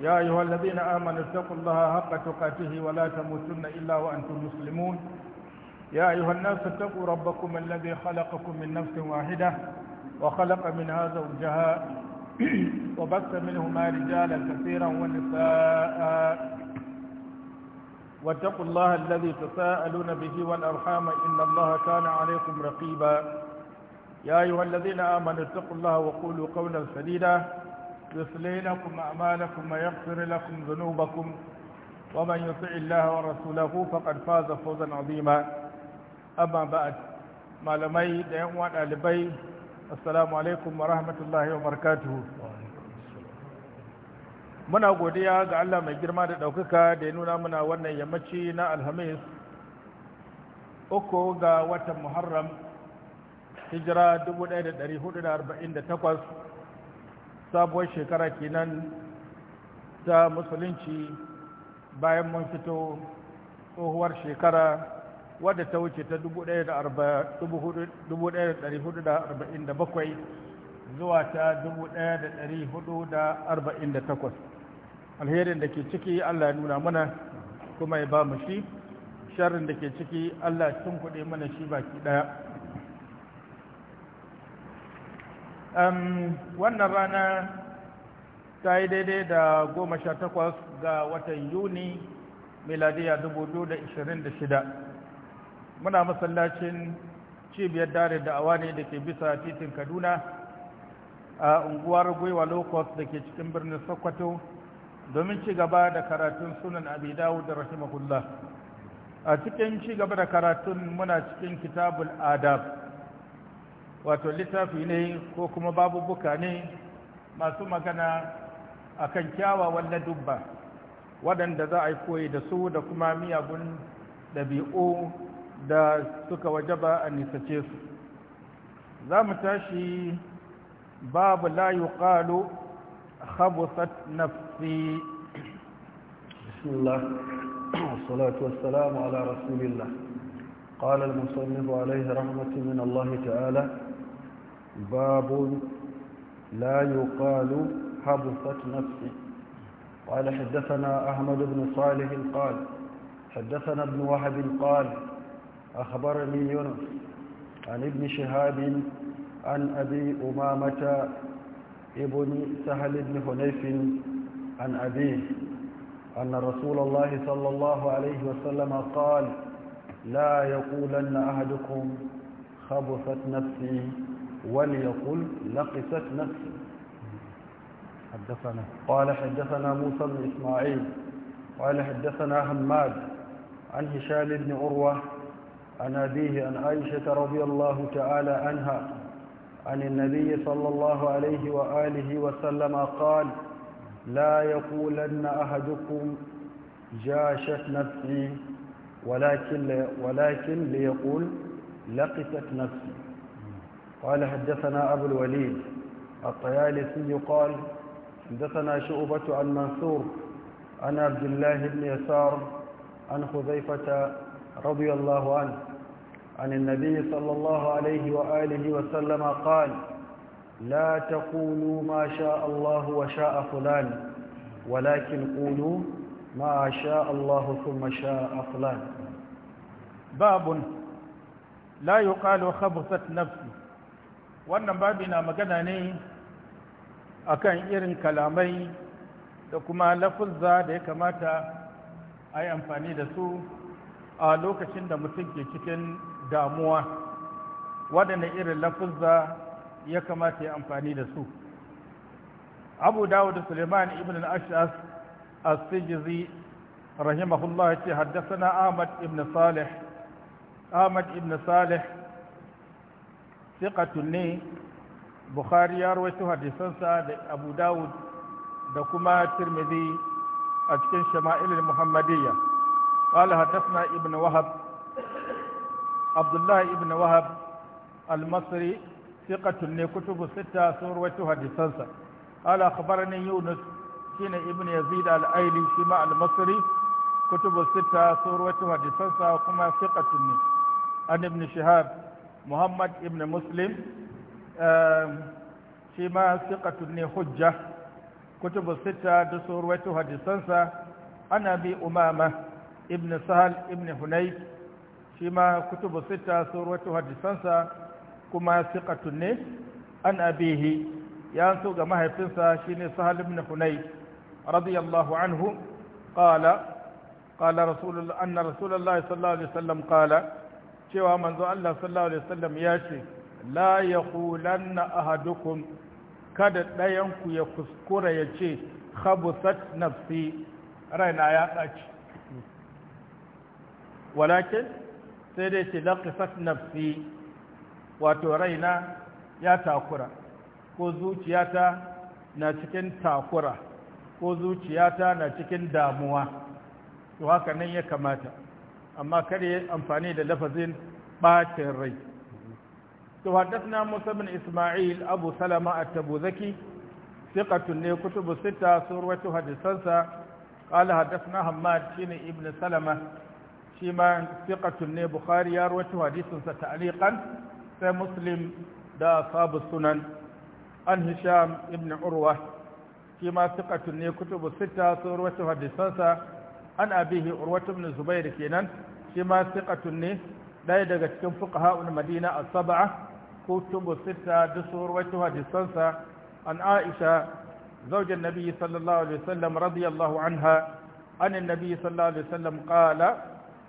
يا أيها الذين آمنوا اتقوا الله حق تقاته ولا تموتن إلا وأنتم مسلمون يا أيها الناس اتقوا ربكم الذي خلقكم من نفس واحدة وخلق منها زوجها وبث منهما رجالا كثيرا ونساء واتقوا الله الذي تساءلون به والأرحام إن الله كان عليكم رقيبا يا أيها الذين آمنوا اتقوا الله وقولوا قولا سديدا يصلي لكم أعمالكم ويغفر لكم ذنوبكم ومن يطع الله ورسوله فقد فاز فوزا عظيما أما بعد malamai da yan uwa ɗalibai assalamu alaikum wa rahmatullahi wa muna godiya ga Allah mai girma da ɗaukaka da ya nuna muna wannan yammaci na alhamis uku ga watan muharram hijira 1448 sabuwar shekara kenan ta musulunci bayan mun fito tsohuwar shekara wadda ta wuce ta 1447 zuwa ta 1448 alherin da ke ciki allah ya nuna mana kuma ya ba mu shi sharrin da ke ciki allah sun kuɗe mana shi baki ɗaya wannan rana ta yi daidai da goma sha takwas ga watan yuni miladiya dubu biyu da ishirin da shida muna masallacin cibiyar dare da awa ne da ke bisa titin kaduna a unguwar gwiwa locust da ke cikin birnin sokoto domin ci gaba da karatun sunan abi dawud da rahimahullah a cikin ci gaba da karatun muna cikin kitabul adab wato littafi ne ko kuma babubuka ne masu magana a kan kyawawan ladubba waɗanda za a yi koyi da su da kuma miyagun ɗabi'u da suka wajaba a nisace su za mu tashi babu layu ƙalu khabusat nafsi bismillah wasalatu wassalamu ala rasulillah قال المصنف عليه رحمة من الله تعالى باب لا يقال حبثت نفسي قال حدثنا أحمد بن صالح قال حدثنا ابن وهب قال أخبرني يونس عن ابن شهاب عن أبي أمامة ابن سهل بن حنيف عن أبيه أن رسول الله صلى الله عليه وسلم قال لا يقولن أحدكم خبثت نفسي وليقل لقفت نفسي حدثنا قال حدثنا موسى بن إسماعيل قال حدثنا هماد عن هشام بن عروة عن أبيه عن عائشة رضي الله تعالى عنها عن النبي صلى الله عليه وآله وسلم قال لا يقولن أحدكم جاشت نفسي ولكن, ولكن ليقول لقست نفسي قال حدثنا أبو الوليد الطيالسي قال حدثنا شعبة عن منصور عن عبد الله بن يسار عن خذيفة رضي الله عنه عن النبي صلى الله عليه وآله وسلم قال لا تقولوا ما شاء الله وشاء فلان ولكن قولوا ما شاء الله ثم شاء فلان باب لا يقال خبثت نفسي wannan babi na magana ne akan irin kalamai da kuma lafuzza da ya kamata a yi amfani da su a lokacin da mutum ke cikin damuwa waɗanda irin lafuzza ya kamata ya amfani da su abu dawud suleiman ibn al-ash'as as-sijizi rahimahullah ya ce haddasa na ahmad ibn salih ahmad ibn salih thiqatun ne bukhari ya rawaito hadisansa da abu dawud da kuma tirmidhi a cikin shama'ilul muhammadiyya qala hadathna Ibn wahab Abdullahi ibn wahab al-masri thiqatun ne kutubu sita sun rawaito hadisansa qala akhbarani yunus shine ibn yazid al-aili shi ma al-masri kutubu sita sun rawaito hadisansa kuma thiqatun ne an ibn shihab muhammad ibn muslim um, shi ma siƙatun ne hujja kutubu sita da sun ruwaito hadisansa ana bi umama ibn sahal ibn hunay shi ma kutubu sita sun ruwaito hadisansa kuma siƙatun ne an abihi ya so ga mahaifinsa shi ne sahal ibn hunay radiyallahu anhu ƙala. ƙala, rasulullah anna rasulullah sallallahu alaihi sallam, ƙala. cewa manzo Allah sallallahu alaihi wasallam ya ce la yaqulanna ahadukum kada ɗayan ku ya kuskura ya ce khabusat nafsi raina ya tsaci walakin sai dai ce laqisat nafsi wato raina ya takura ko zuciyata na cikin takura ko zuciyata na cikin damuwa to haka nan ya kamata amma kada ya amfani da lafazin ɓacin rai to haddathna Musa bin Isma'il Abu Salama tabu zaki siƙatun ne kutubu sita surwatu hadisansa qala Hamad shi ne Ibn Salama shi ma siƙatun ne Bukhari ya rawaito hadisinsa ta'liqan sai Muslim da sabu sunan an Hisham ibn Urwa shi ma siƙatun ne kutubu sita surwatu hadisansa an abihi urwatu ibn zubair kenan shi ma siqatun ne ɗaya daga cikin fuqaha'ul madina as-sab'a kutubu sita da surwatu hadisansa an aisha zaujin nabi sallallahu alaihi wasallam radiyallahu anha an nabi sallallahu alaihi wasallam qala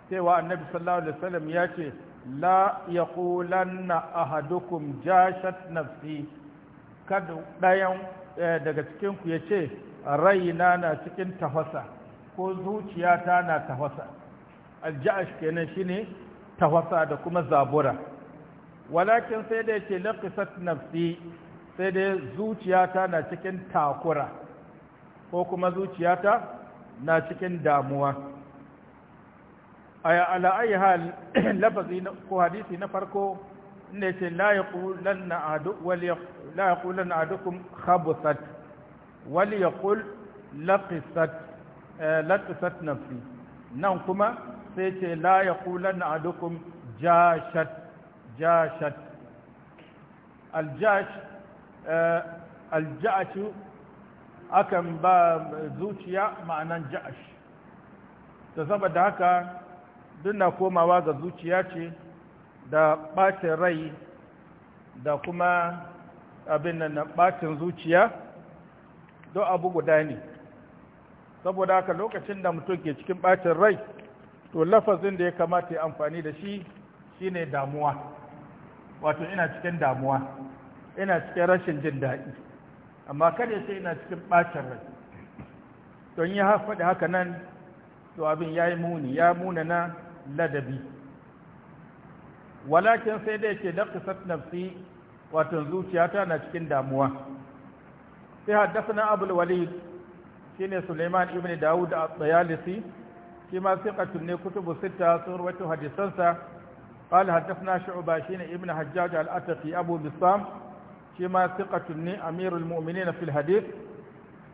cewa annabi sallallahu alaihi wasallam ya ce la yaqulanna ahadukum jashat nafsi kada dayan eh, daga cikin ku yace raina na cikin tafasa ko zuciyata na tafasa alja'ash kenan shine tafasa da kuma zabura walakin sai da yake laqisat nafsi sai da zuciyata na cikin takura ko kuma zuciyata na cikin damuwa aya ala ayi hal lafazi ko hadisi na farko inda yake la yaqulanna adu wal la yaqulanna adukum khabasat wal yaqul laqisat Eh, latusat nafsi nan kuma sai ce la yaqulanna adukum jashat jashat aljash eh, aljashu akan ba zuciya ma'anan ja'ash ta saboda haka duna komawa ga zuciya ce da ɓacin rai da kuma abin nan ɓacin zuciya don abu guda ne saboda haka lokacin da mutum ke cikin ɓacin rai to lafazin da ya kamata ya amfani da shi shine damuwa wato ina cikin damuwa ina cikin rashin jin daɗi amma kada ya ce ina cikin ɓacin rai don ya faɗi haka nan to abin ya yi muni ya muna na ladabi walakin sai da yake daƙisar satnafsi wato zuciyata na cikin damuwa sai haddasa na abul walid shine Suleiman ibn Da'ud al-Tayalisi kima thiqatun ne kutubu sita sun rawaito hadisan sa qala hadathna Shu'ba shine ibn Hajjaj al-Ataqi Abu Bisam kima thiqatun ne Amirul Mu'minin fil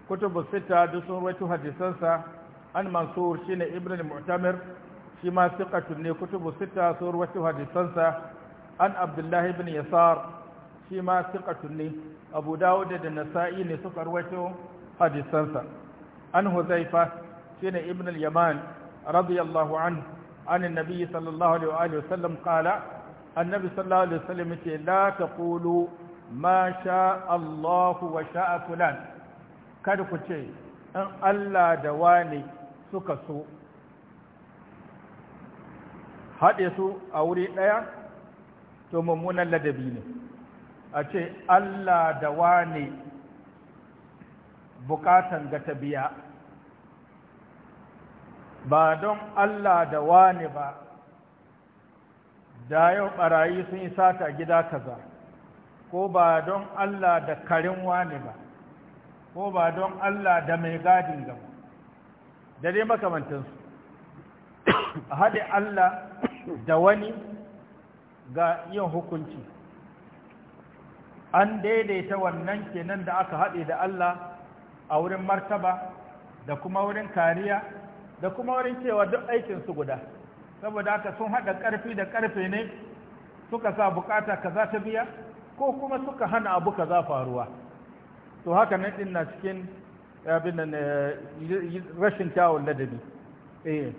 kutubu sita sun rawaito hadisan sa an Mansur shine ibn al-Mu'tamir kima thiqatun ne kutubu sita sun rawaito hadisan an Abdullah ibn Yasar kima thiqatun ne Abu Dawud da Nasa'i ne suka rawaito hadisan an huzaifa shine ibn al-yaman radiyallahu anhu an annabi sallallahu alaihi wa sallam qala annabi sallallahu alaihi wa sallam ce la taqulu ma sha Allah wa sha'a fulan kada ku ce in Allah da suka so haɗe su a wuri ɗaya to mummunan ladabi ne a ce Allah da wani bukatan ga ta biya ba don Allah da wani ba da yau barayi sun yi sata gida kaza ko ba don Allah da karin wani ba ko ba don Allah da mai gadin gaba da dai makamantansu a haɗe Allah da wani ga yin hukunci an daidaita wannan kenan da aka haɗe da Allah a wurin martaba da kuma wurin kariya da kuma wurin cewa duk aikinsu guda saboda haka sun haɗa ƙarfi da ƙarfe ne suka sa bukata kaza ta biya ko kuma suka hana abu kaza faruwa to haka nan ɗin na cikin eh, abin nan eh, rashin kyawun ladabi eh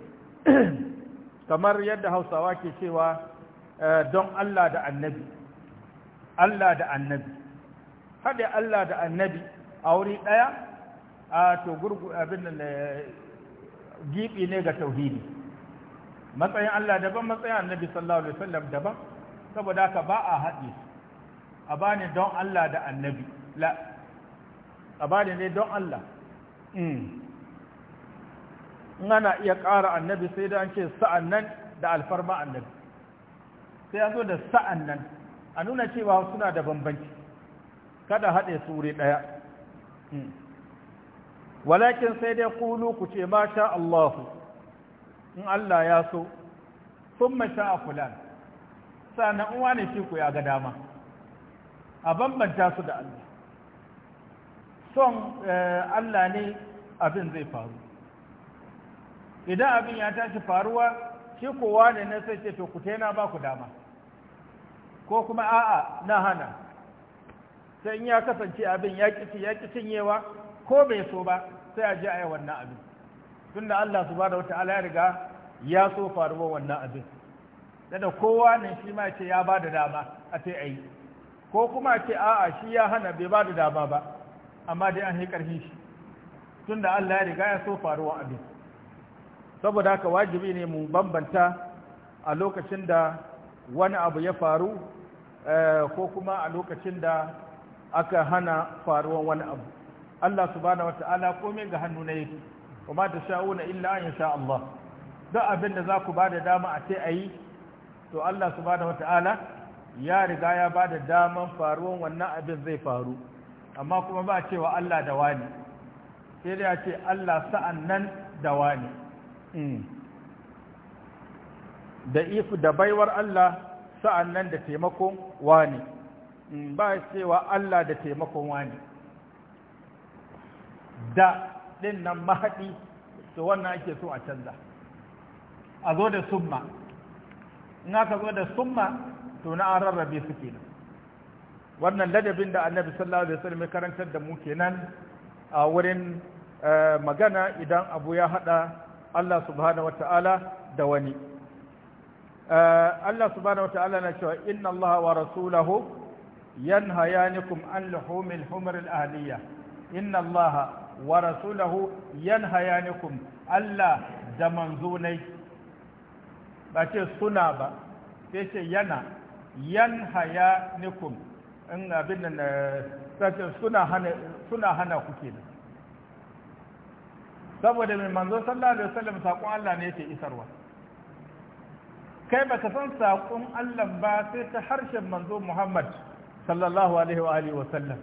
kamar yadda hausawa ke cewa eh, don Allah da annabi Allah da annabi haɗe Allah da annabi a wuri ɗaya a to gurgu abin nan eh, gibi ne ga tauhidi matsayin Allah daban matsayin annabi sallallahu alaihi wasallam daban saboda haka ba a haɗe a bani don Allah da annabi la a bani ne don Allah hmm. in ana iya ƙara annabi sai da an ce sa'an nan da alfarma annabi sai an zo da sa'an nan a nuna cewa suna da bambanci kada haɗe su wuri ɗaya hmm. walakin sai dai kulu ku ce ma sha Allahu in Allah ya so sun sha a fulan sannan uwa ne shi ku ya ga dama a bambanta su da Allah son eh, Allah ne abin zai faru idan abin ya tashi faruwa shi kowa ne na sai ce to ku tena ba ku dama ko kuma a'a na hana sai in ya kasance abin ya ya ƙi cinyewa ko bai so ba sai a je a yi wannan abin tunda Allah subhanahu wata'ala ya riga ya so faruwar wannan abin da kowa ne shi ma ce ya ba dama a ce a yi ko kuma ce a'a shi ya hana bai bada da dama ba amma dai an yi ƙarfi shi tunda Allah ya riga ya so faruwar abin saboda haka wajibi ne mu bambanta a lokacin da wani abu ya faru eh, ko kuma a lokacin da aka hana faruwan wani abu Allah subhanahu wata'ala komai ga hannu na yake kuma ta sha'una illa an yasha Allah duk abin da za ku ba da dama a ce a yi to Allah subhanahu wata'ala ya riga ya ba da daman faruwan wannan abin zai faru amma kuma ba cewa Allah da wani sai dai a ce Allah sa'an nan da wani hmm. da ifu da baiwar Allah sa'an nan da taimakon wani hmm. ba cewa Allah da taimakon wani da ɗin nan mahaɗi to wannan ake so a canza a zo da summa in aka zo da summa to na an rarrabe su nan. wannan ladabin da annabi sallallahu alaihi wasallam karantar da mu kenan a wurin eh, magana idan abu ya hada Allah subhanahu wata'ala da wani eh, Allah subhanahu wata'ala na cewa inna Allah wa rasulahu yanhayanikum an luhumil humr al ahliya inna Allah wa rasulahu yanhayanikum Allah da manzonai ba ce suna ba sai ce yana yanhayanikum in abin nan eh, ce suna hana suna hana ku kenan saboda mai manzo sallallahu alaihi wasallam sakon Allah ne yake isarwa kai ba ka san sakon Allah ba sai ta harshen manzo Muhammad sallallahu alaihi wa alihi wasallam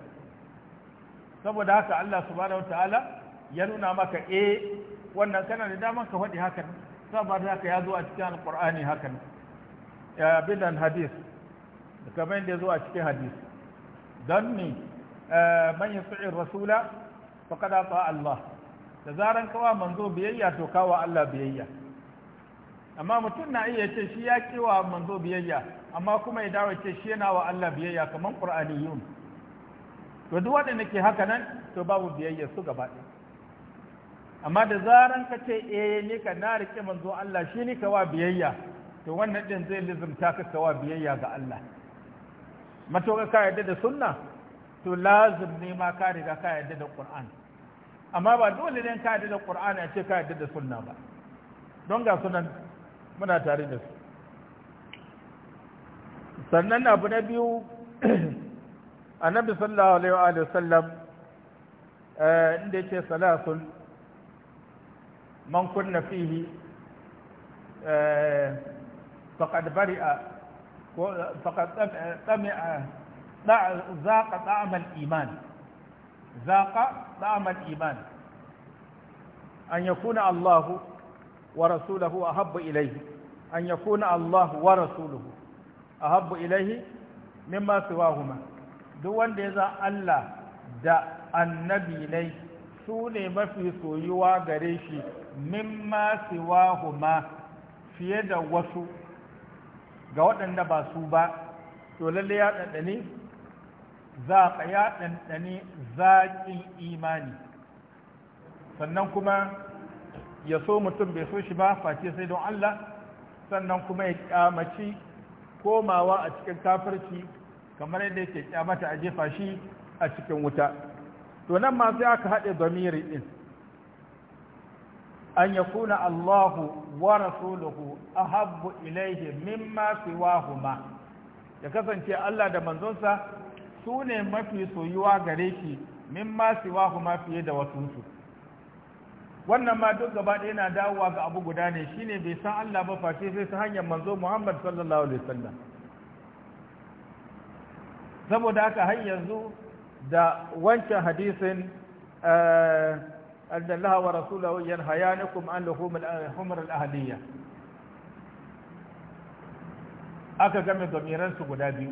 saboda haka Allah subhanahu wataala ya nuna maka e. wannan kana da daman ka faɗi hakan saboda haka ya zo a cikin alqur'ani hakan ya bidan hadis kamar yadda ya zo a cikin hadis don ne eh, man yasu'i rasula faqad ata Allah da zaran kawa manzo biyayya to kawa Allah biyayya amma mutum na iya ce shi ya kiwa manzo biyayya amma kuma ya dawo ce shi yana wa Allah biyayya kamar qur'aniyun to duk waɗanda ke haka nan to babu biyayya su gaba ɗaya amma da zaran ka ce eh ni ka na rike manzo Allah shi ni kawa biyayya to wannan din zai lizumta ka kawa biyayya ga Allah Mato ka yarda da sunna to lazim ne ma ka riga ka yarda da Qur'an amma ba dole ne ka yarda da Qur'an a ce ka yarda da sunna ba don ga sunan muna tare da su sannan abu na biyu annabi sallallahu alaihi wa sallam inda yake salasun man kunna fihi faqad bari'a ko faqad tami'a zaqa ta'am al-iman zaqa ta'am al-iman an yakuna Allah wa rasuluhu ahabbu ilayhi an yakuna Allah wa rasuluhu ahabbu ilayhi mimma siwahuma duk wanda ya zan Allah da annabi ne su ne mafi soyuwa gare shi mimma huma fiye da wasu ga waɗanda ba su ba to lalle ya ɗanɗani a ya ɗanɗani zaƙin imani sannan kuma ya so mutum bai so shi ba face sai don Allah sannan kuma ya kyamaci komawa a cikin kafirci kamar yadda yake kyamata a jefa shi a cikin wuta to nan ma sai aka haɗe domiri ɗin an ya kuna Allahu wa rasuluhu ahabbu ilaihi mimma siwahuma ya kasance Allah da manzonsa su ne mafi soyuwa gare shi mimma siwahuma fiye da wasunsu wannan ma duk gaba ɗaya na dawowa ga abu guda ne shine bai san Allah ba face sai ta hanyar manzo Muhammad sallallahu alaihi wasallam saboda haka har yanzu da wancan hadisin an annallaha wa rasulahu yanhayanikum an luhumul humr al ahliya aka game domiran su guda biyu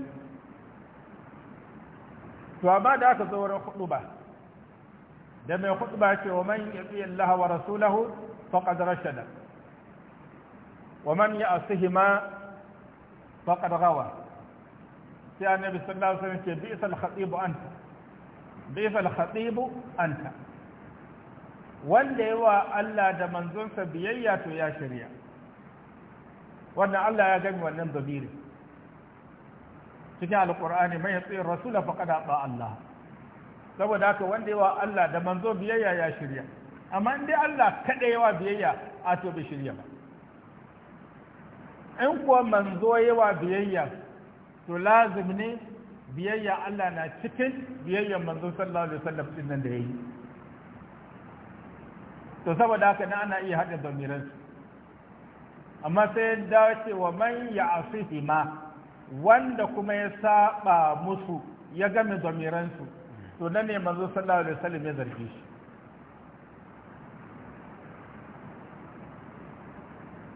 to amma da aka zo wurin khutba da mai khutba ce wa man yati Allah wa rasulahu faqad rashada wa man ya'sihima faqad ghawa sai annabi sallallahu alaihi wasallam ce bi isal khatibu anta bi isal khatibu anta wanda yawa Allah da manzonsa biyayya to ya shirya wannan Allah ya gami wannan dabiri cikin alqur'ani mai yatsi rasula faqad ata Allah saboda haka wanda yawa Allah da manzo biyayya ya shirya amma in dai Allah kada yawa biyayya a to bai shirya ba in kuwa manzo yawa biyayya to lazim ne biyayya Allah na cikin biyayyan manzo sallallahu alaihi wasallam din nan da yayi to saboda haka nan ana iya hada damiran amma sai da ce wa man ma wanda kuma ya saba musu ya game damiran su to nan ne manzo sallallahu alaihi wasallam ya zarge shi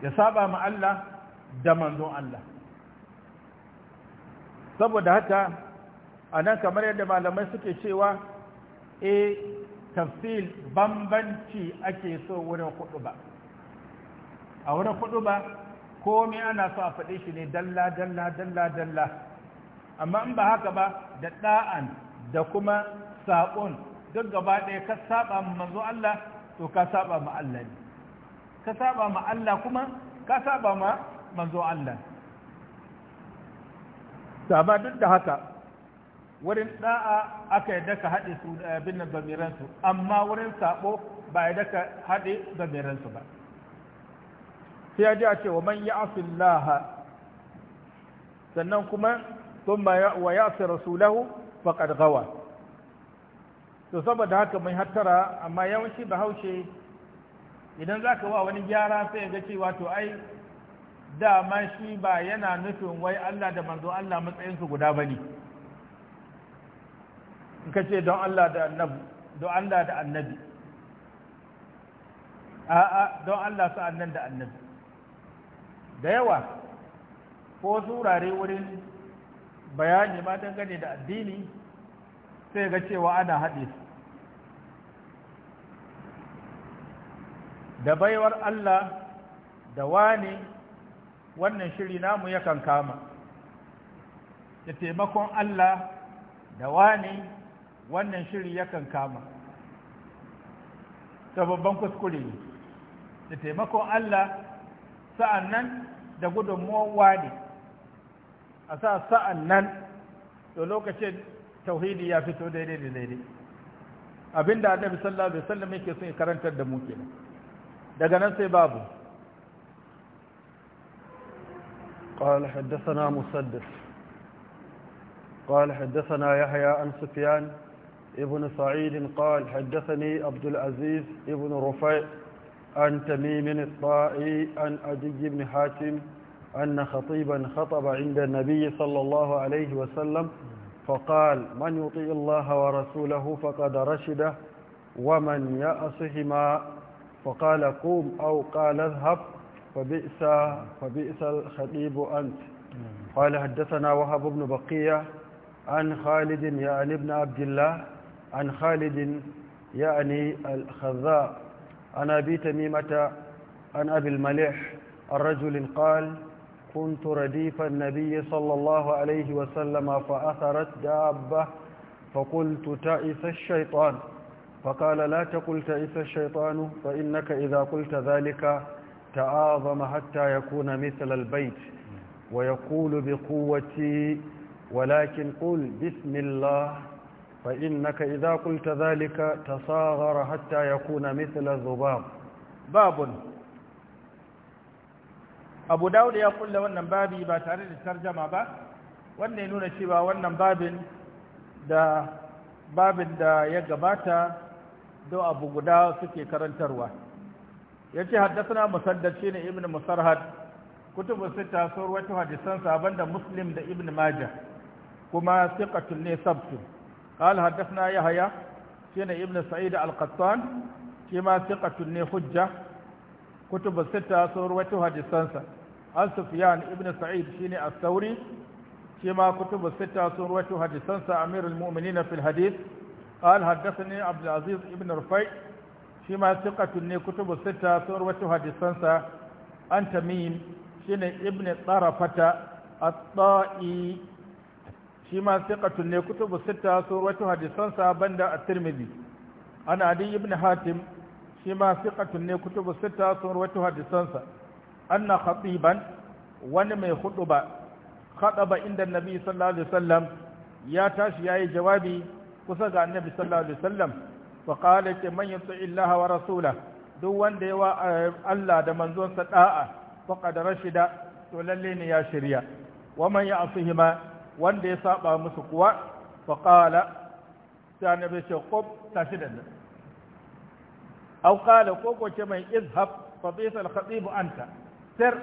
ya saba ma Allah da manzon Allah saboda haka a nan kamar yadda malamai suke cewa e tafsil bambanci ake so wurin kudu ba a wurin kudu ba komai ana so a faɗi shi ne dalla dalla dalla dalla amma in ba haka ba da ɗa'an da kuma saƙon duk gaba ɗaya ka saba ma manzo Allah to ka saba ma Allah ne ka saba ma Allah kuma ka saɓa ma manzo Allah Saba duk da haka wurin da'a aka yadda ka haɗe su da eh, abin nan zamiransu amma wurin sabo ba yadda ka haɗe zamiransu ba sai ya ji a ce wa man ya laha sannan kuma sun ba wa ya fi rasulahu faƙar gawa to saboda haka mai hattara amma yawanci bahaushe idan za ka wa wani gyara sai ya ga cewa to ai dama shi ba yana nufin wai Allah da manzo Allah matsayinsu guda ba ne in ka ce don Allah da annabi don Allah da annabi a'a don Allah sa'annan da annabi da yawa ko surare wurin bayani ma dangane da addini sai ga cewa ana haɗe su da baiwar Allah da wani wannan shiri namu yakan kama da taimakon Allah da wani wannan shiri yakan kama ta babban kuskure ne da taimakon Allah sa'an nan da gudunmuwan wani a sa sa'an nan da lokacin tauhidi ya fito daidai da daidai abinda annabi sallallahu alaihi wasallam yake son karantar da mu kenan daga nan sai babu قال حدثنا مسدس قال حدثنا يحيى عن سفيان ابن سعيد قال حدثني عبد العزيز ابن رفيع عن تميم الطائي عن أدي بن حاتم أن خطيبا خطب عند النبي صلى الله عليه وسلم فقال من يطيع الله ورسوله فقد رشده ومن يأصهما فقال قوم أو قال اذهب فبئس فبئس الخطيب أنت نعم. قال حدثنا وهب بن بقية عن خالد يعني ابن عبد الله عن خالد يعني الخذاء عن أبي تميمة عن أبي المليح الرجل قال كنت رديف النبي صلى الله عليه وسلم فأثرت دابة فقلت تائس الشيطان فقال لا تقل تائس الشيطان فإنك إذا قلت ذلك تعاظم حتى يكون مثل البيت ويقول بقوتي ولكن قل بسم الله فإنك إذا قلت ذلك تصاغر حتى يكون مثل الذباب باب أبو داود يقول لو أن بابي باتارد الترجمة با وأن ينون شبا وأن باب دا باب دا يقباتا دو أبو قداو سكي كرن ترواه ya ce haddasa musaddad shine ibn musarhad kutubu sita sur wata hadisan saban da muslim da ibn majah kuma thiqatul ne sabtu qala haddasa yahya shine ibn sa'id al-qattan kima thiqatul ne hujja kutubu sita sur wata hadisan sa al sufyan ibn sa'id shine as-sauri kima kutubu sita sur wata hadisan sa amirul mu'minin fil hadith قال حدثني عبد العزيز ابن رفيق shi ma siqatun ne kutubu sita sun rawaito hadisansa an tamim ne ibn tarafata at-ta'i shi ma siqatun ne kutubu sita sun rawaito hadisansa banda a tirmidhi ana adi ibn hatim shi ma siqatun ne kutubu sita sun rawaito hadisansa anna khatiban wani mai huduba khadaba inda nabi sallallahu alaihi wasallam ya tashi yayi jawabi kusa ga annabi sallallahu alaihi wasallam wa qala ta man yuti illaha wa rasula duk wanda yawa eh, Allah da manzonsa da'a faqad rashida to lalle ne ya shirya wa man ya'sihima wanda ya saba musu kuwa fa qala sai annabi ce qub tashi da nan aw qala ko ko ce mai izhab fa bisa al khatib anta sir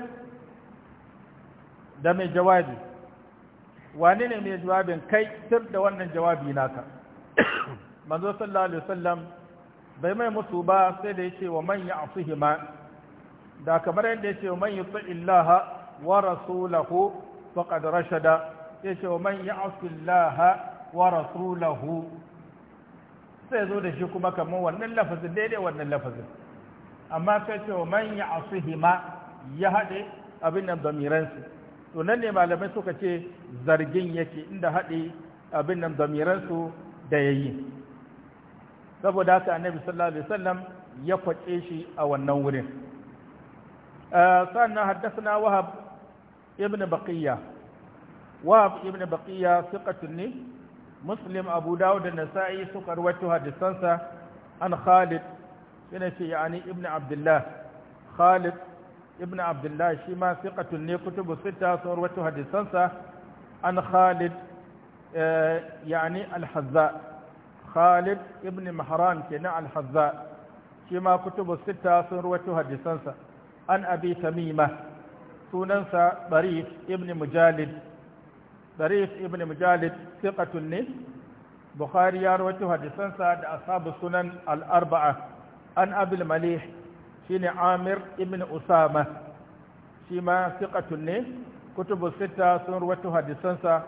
da mai jawabi wani ne mai jawabin kai sir da wannan jawabi naka manzo sallallahu alaihi wasallam bai mai musu ba sai da yace wa man ya'sihima da kamar yadda yace wa man yuti illaha wa rasulahu faqad rashada yace wa man ya'si illaha wa rasulahu sai zo da shi kuma kamar wannan lafazin daidai wannan lafazin amma sai ce wa man ya'sihima ya hade abin nan damiransu to nan ne malamai suka ce zargin yake inda hade abin nan damiransu da yayi saboda haka annabi sallallahu alaihi wasallam ya kwace shi a wannan wurin eh, sannan haddathana wahab ibn baqiya wahab ibn baqiya thiqatun ne muslim abu dawud da nasa'i suka rawaito hadisansa an khalid yana ce yani ibn abdullah khalid ibn abdullah shi ma thiqatun ne kutubu sita sun rawaito hadisansa an khalid eh, yani al-hazza khalid ibn mahran kenan al-hazza shi kutubu sita sun ruwaito hadisansa an abi tamima sunansa barif ibn mujalid barif ibn mujalid thiqatun ne bukhari ya ruwaito hadisansa da ashabu sunan al-arba'a an abul malih shine amir ibn usama shi ma kutubu sita sun hadisansa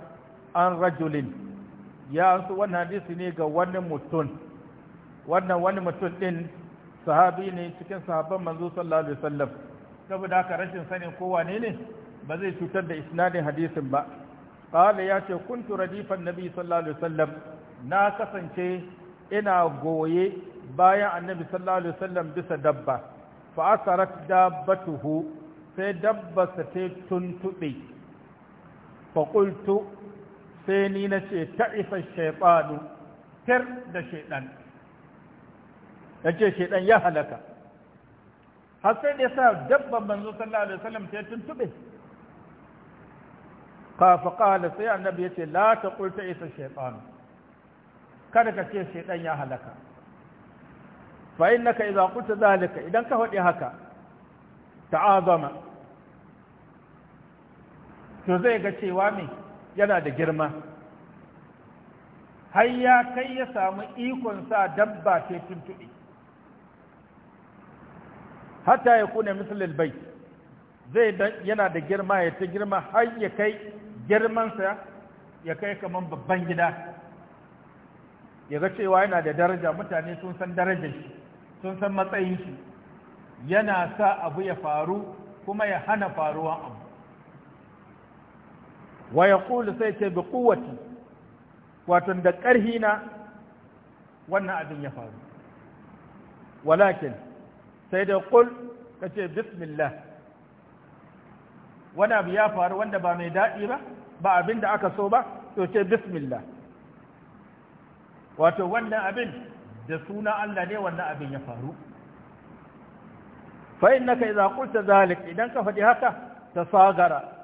an ya su wannan hadisi ne ga wani mutum wannan wani mutum din sahabi ne cikin sahabban manzo sallallahu alaihi wasallam saboda haka rashin sanin ko wane ne ba zai cutar da isnadin hadisin ba qala ya ce kuntu radifan nabi sallallahu alaihi wasallam na kasance ina goye bayan annabi sallallahu alaihi wasallam bisa dabba fa asarat dabbatuhu sai dabba sa ta tuntube fa qultu sai ni na ce ta'ifa shaifanu tir da shaidan ya ce shaidan ya halaka har sai da ya sa dabban manzo sallallahu alaihi wasallam ta tuntube kafa kala sai annabi ya ce la ta isa shaifanu kada ka ce shaidan ya halaka fa innaka idza qulta zalika idan ka faɗi haka ta'azama to zai ga cewa me yana da girma har ya kai ya samu ikon sa dabba ce tuntuɗe hatta ya kuna misalin bai zai yana da girma ya ta girma har ya kai girmansa ya kai kamar babban gida ya ga cewa yana da daraja mutane sun san darajar shi sun san matsayin shi yana sa abu ya faru kuma ya hana faruwan abu wa yaqulu sai ce bi quwwati wato da ƙarhi na wannan abin ya faru walakin sai da qul ce bismillah wani abu ya faru wanda ba mai daɗi ba ba abin da aka so ba to ce bismillah wato wannan abin da suna Allah ne wannan abin ya faru fa innaka idza qulta zalik idan ka faɗi haka ta tasagara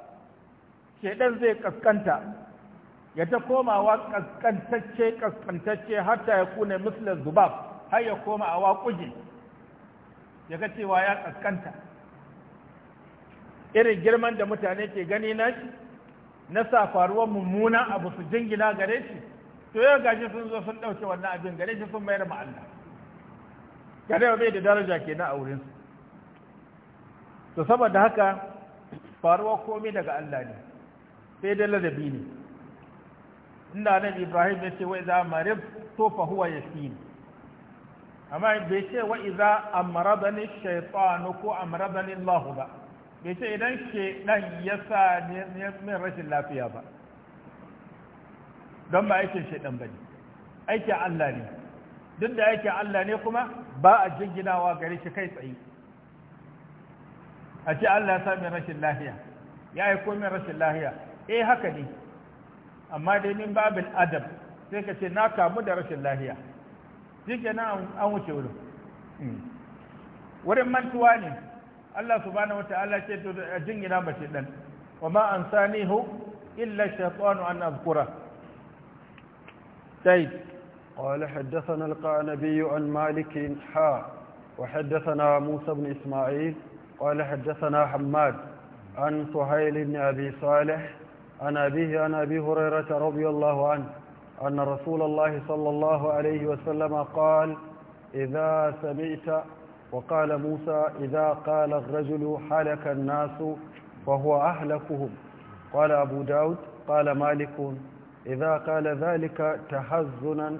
shedan zai kaskanta ya ta komawa kaskantacce kaskantacce ta ya kuna misla zubab har ya koma a waƙuji ya ga cewa ya kaskanta irin girman da mutane ke gani na shi na faruwar mummuna abu su jingina gare shi to yau gaji sun zo sun ɗauke wannan abin gare shi sun mayar ma'alla gare bai da daraja ke na aurensu to saboda haka faruwar komi daga Allah ne sai dai ladabi ne inda nan ibrahim ya ce wa iza marib to fa huwa yasin amma bai ce wa iza amradani shaytan ko amradani allah ba bai ce idan ke ya sa ne min rashin lafiya ba don ba aikin ba bane aikin allah ne duk da aikin allah ne kuma ba a jinginawa gare shi kai tsaye a ce allah ya sa min rashin lafiya ya aiko min rashin lafiya eh haka ne amma dai min babin adab sai ka ce na kamu da rashin lahiya shi kenan an wuce wurin wurin mantuwa ne Allah subhanahu wata'ala ce to jingina mace dan wa ma ansanihu illa shaytanu an azkura طيب قال حدثنا القعنبي عن مالك حا وحدثنا موسى بن إسماعيل قال حدثنا حماد عن سهيل بن أبي صالح عن أبيه عن أبي هريرة رضي الله عنه أن رسول الله صلى الله عليه وسلم قال إذا سمعت وقال موسى إذا قال الرجل حلك الناس وهو أهلكهم قال أبو داود قال مالك إذا قال ذلك تحزنا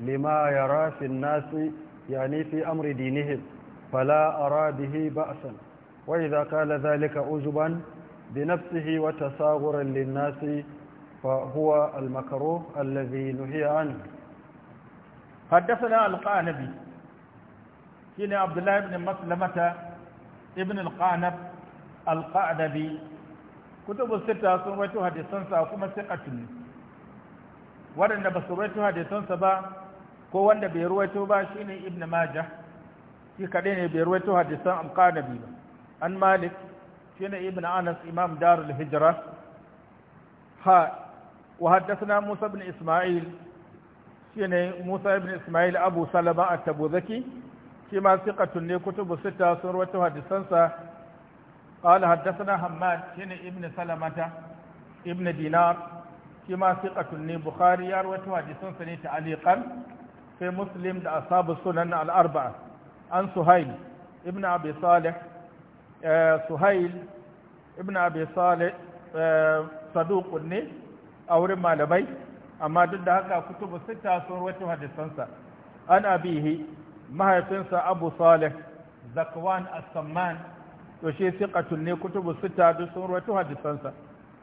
لما يرى في الناس يعني في أمر دينهم فلا أرى به بأسا وإذا قال ذلك أجبا بنفسه وتساغرا للناس فهو المكروه الذي نهي عنه حدثنا القانبي هنا عبد الله بن مسلمة ابن القانب القانبي كتب الستة سورته حديثا وكما ثقة ورن ba su سبا hadisansa ba ko wanda bai rawaito ba shine ibn majah shi kaɗai ne bai شين ابن أنس إمام دار الهجرة ها وحدثنا موسى بن إسماعيل شين موسى بن إسماعيل أبو سلمة التبوذكي كما ثقة لكتب ستة سروة حدثنسة قال حدثنا حماد شين ابن سلمة ابن دينار كما ثقة لبخاري يروي حدثنسة تعليقا في مسلم لأصحاب السنن الأربعة عن سهيل ابن أبي صالح suhail ibn abi salih saduqun ne a wurin malamai amma duk da haka kutubu sita sun rawaito hadisansa an abihi mahaifinsa abu salih zakwan as-samman to shi thiqatun ne kutubu sita duk sun rawaito hadisansa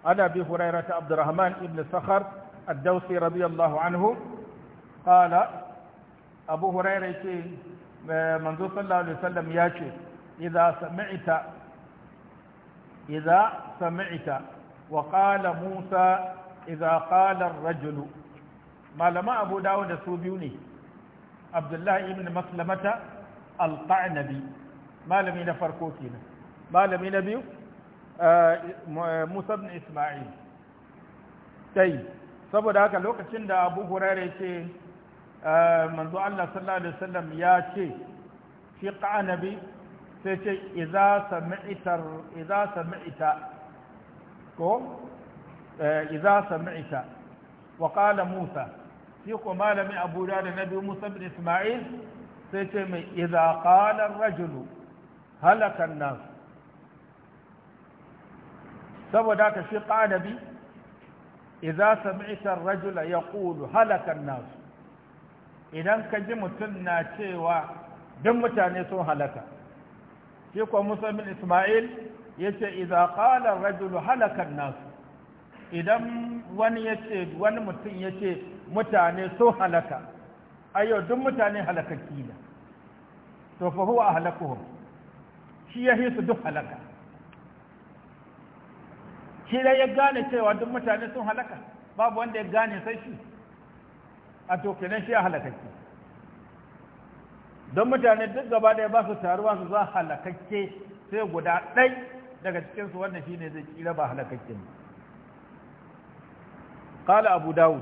an abi hurairah abdurrahman ibn sakhar ad-dawsi radiyallahu anhu qala abu hurairah ce manzo sallallahu alaihi wasallam ya ce إذا سمعت إذا سمعت وقال موسى إذا قال الرجل ما لما أبو داود سوبيوني عبد الله بن مسلمة القعنبي ما لم ينفر كوتينا ما لم ينبي موسى بن إسماعيل طيب saboda haka lokacin da abu hurare ce manzo Allah sallallahu alaihi wasallam ya ce fi qanabi sai ce iza sami'ita ko eh, wa ƙala musa shi ko malami abu da da nabi musa bin isma'il sai ce mai iza qala rajulu halakan nasu? saboda ka shi qanabi iza sami'ta ar-rajula ya halaka halakan nasu? idan ka ji mutum na cewa duk mutane sun halaka shi kuwa musa min ismail ya ce iza qala rajulu halakan nasu idan wani ya ce wani mutum ya ce mutane so halaka ayo duk mutane halakakki ne to fa huwa ahlakuhum shi ya hisu duk halaka shi da ya gane cewa duk mutane sun halaka babu wanda ya gane sai shi a to kenan shi ya halakakki don mutane duk gaba ɗaya ba su taruwa su za halakakke sai guda ɗai daga cikinsu wanda shi ne zai kila ba halakakke ne ƙala abu dawud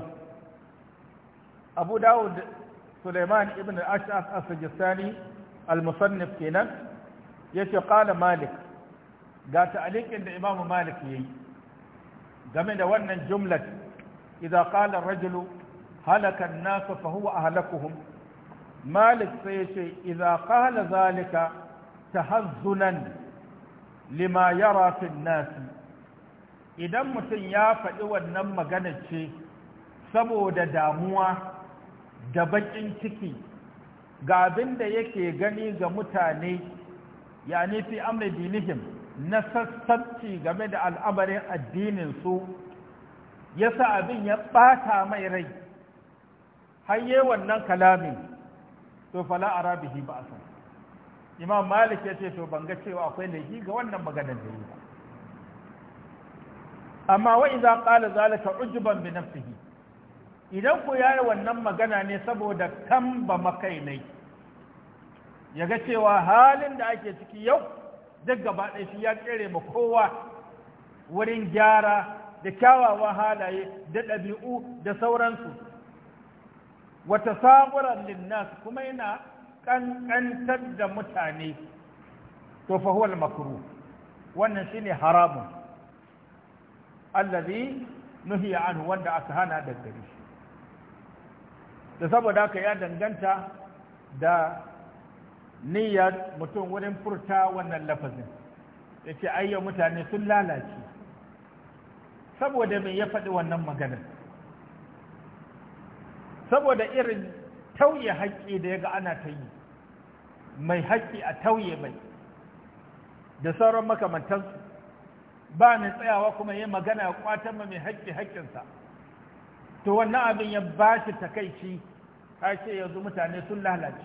abu dawud suleiman ibn ash'af as-sajistani al-musannif kenan yace ƙala malik ga ta'alikin da imamu malik yayi game da wannan jumlat idza kala rajalu, rajulu halaka an-nas fa huwa ahlakuhum malik sai ya ce idza qala zalika ta lima yara nasi idan mutum ya faɗi wannan maganar ce saboda damuwa da baƙin ciki ga abin da yake gani ga mutane ya fi amri na sassanci game da al'amarin addininsu ya sa abin ya ɓata mai rai har yi wannan kalamin to fala ara bihi ba asan imam malik ya ce to ban ga cewa akwai laifi ga wannan maganar da yi ba amma wa idza qala zalika ujuban bi nafsihi idan ku yayi wannan magana ne saboda kamba makainai ya ga cewa halin da ake ciki yau duk gaba ɗaya shi ya kere ma kowa wurin gyara da kyawawan halaye da ɗabi'u da sauransu wata saburan linnas kuma yana ƙanƙantar da mutane to fahuwal makuru wannan shine haramun allazi nuhiya anhu wanda aka hana da gari da saboda haka ya danganta da niyyar mutum wurin furta wannan lafazin ya ce ayyo mutane sun lalace saboda mai ya faɗi wannan maganar saboda irin tauye haƙƙi da ya ga ana ta yi mai haƙƙi a tauye mai da sauran makamantansu ba mai tsayawa kuma yin magana ya kwatar mai haƙƙi haƙƙinsa to wannan abin ya ba shi takaici har ce yanzu mutane sun lalace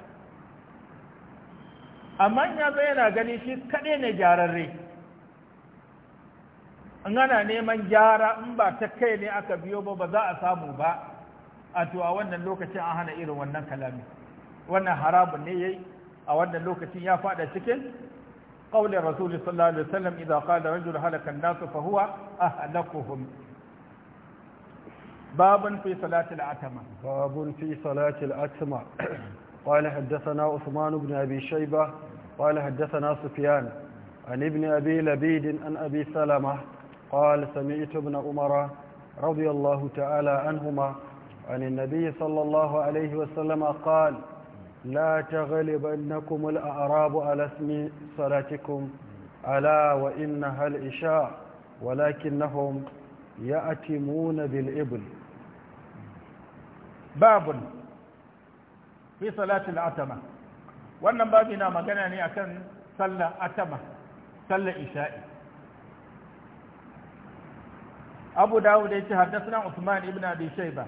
amma ya zo yana gani shi kaɗai ne gyararre in ana neman gyara in ba ta kai ne aka biyo ba ba za a samu ba a to a wannan lokacin an hana irin wannan kalami wannan haramun ne yayi a wannan lokacin ya fada cikin qaulin rasul sallallahu alaihi wasallam idza qala rajul halaka an-nas fa huwa ahlakuhum باب في صلاة العتمة باب في صلاة العتمة قال حدثنا عثمان بن أبي شيبة قال حدثنا سفيان عن ابن أبي لبيد عن أبي سلمة قال سمعت ابن عمر رضي الله تعالى عنهما عن النبي صلى الله عليه وسلم قال لا تغلبنكم الأعراب على اسم صلاتكم ألا وإنها الإشاء ولكنهم يأتمون بالإبل باب في صلاة الأتمة وأنا بابنا ما كان يعني أكن صلى أتمة صلى isha'i أبو داود يتحدثنا عثمان ابن أبي شيبة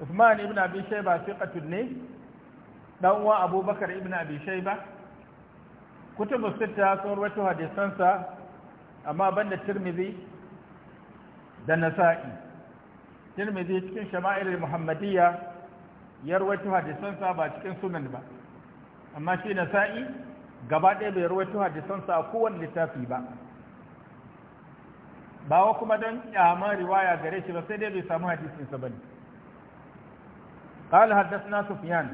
Uthman ibn Abi Shayba thiqatun ne dan uwa Abubakar ibn Abi Shayba kutubu sita sun rawaito hadisansa amma banda Tirmidhi da Nasa'i Tirmidhi cikin Shama'il Muhammadiyya ya rawaito hadisansa ba cikin Sunan ba amma shi Nasa'i gaba ɗaya bai rawaito hadisansa a kowane littafi ba ba wa kuma don kyaman riwaya gare shi ba sai dai bai samu hadisinsa ba bane قال حدثنا سفيان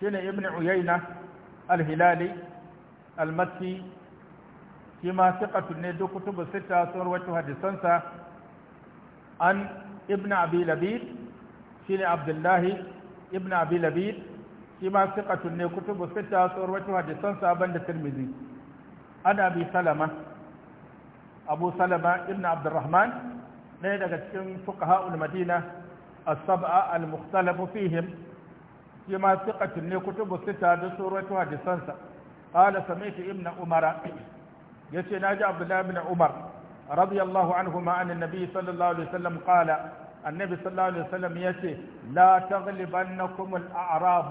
شن ابن عيينة الهلالي المكي كما ثقة ندو كتب ستة سروة حدثنسا عن ابن أبي لبيد شن عبد الله ابن أبي لبيد كما ثقة ندو ستة سروة حدثنسا بند الترمذي عن أبي سلمة أبو سلمة ابن عبد الرحمن ɗaya daga cikin fuka ha'ul madina asaba almukhtalafu fihim kima thiqatin ne kutubu sita da suratu hadisansa qala sami'tu ibn umar yace naji abdullah ibn umar radiyallahu anhu ma anna nabiy sallallahu alaihi wasallam qala annabi sallallahu alaihi wasallam yace la taghlibannakum al-a'rab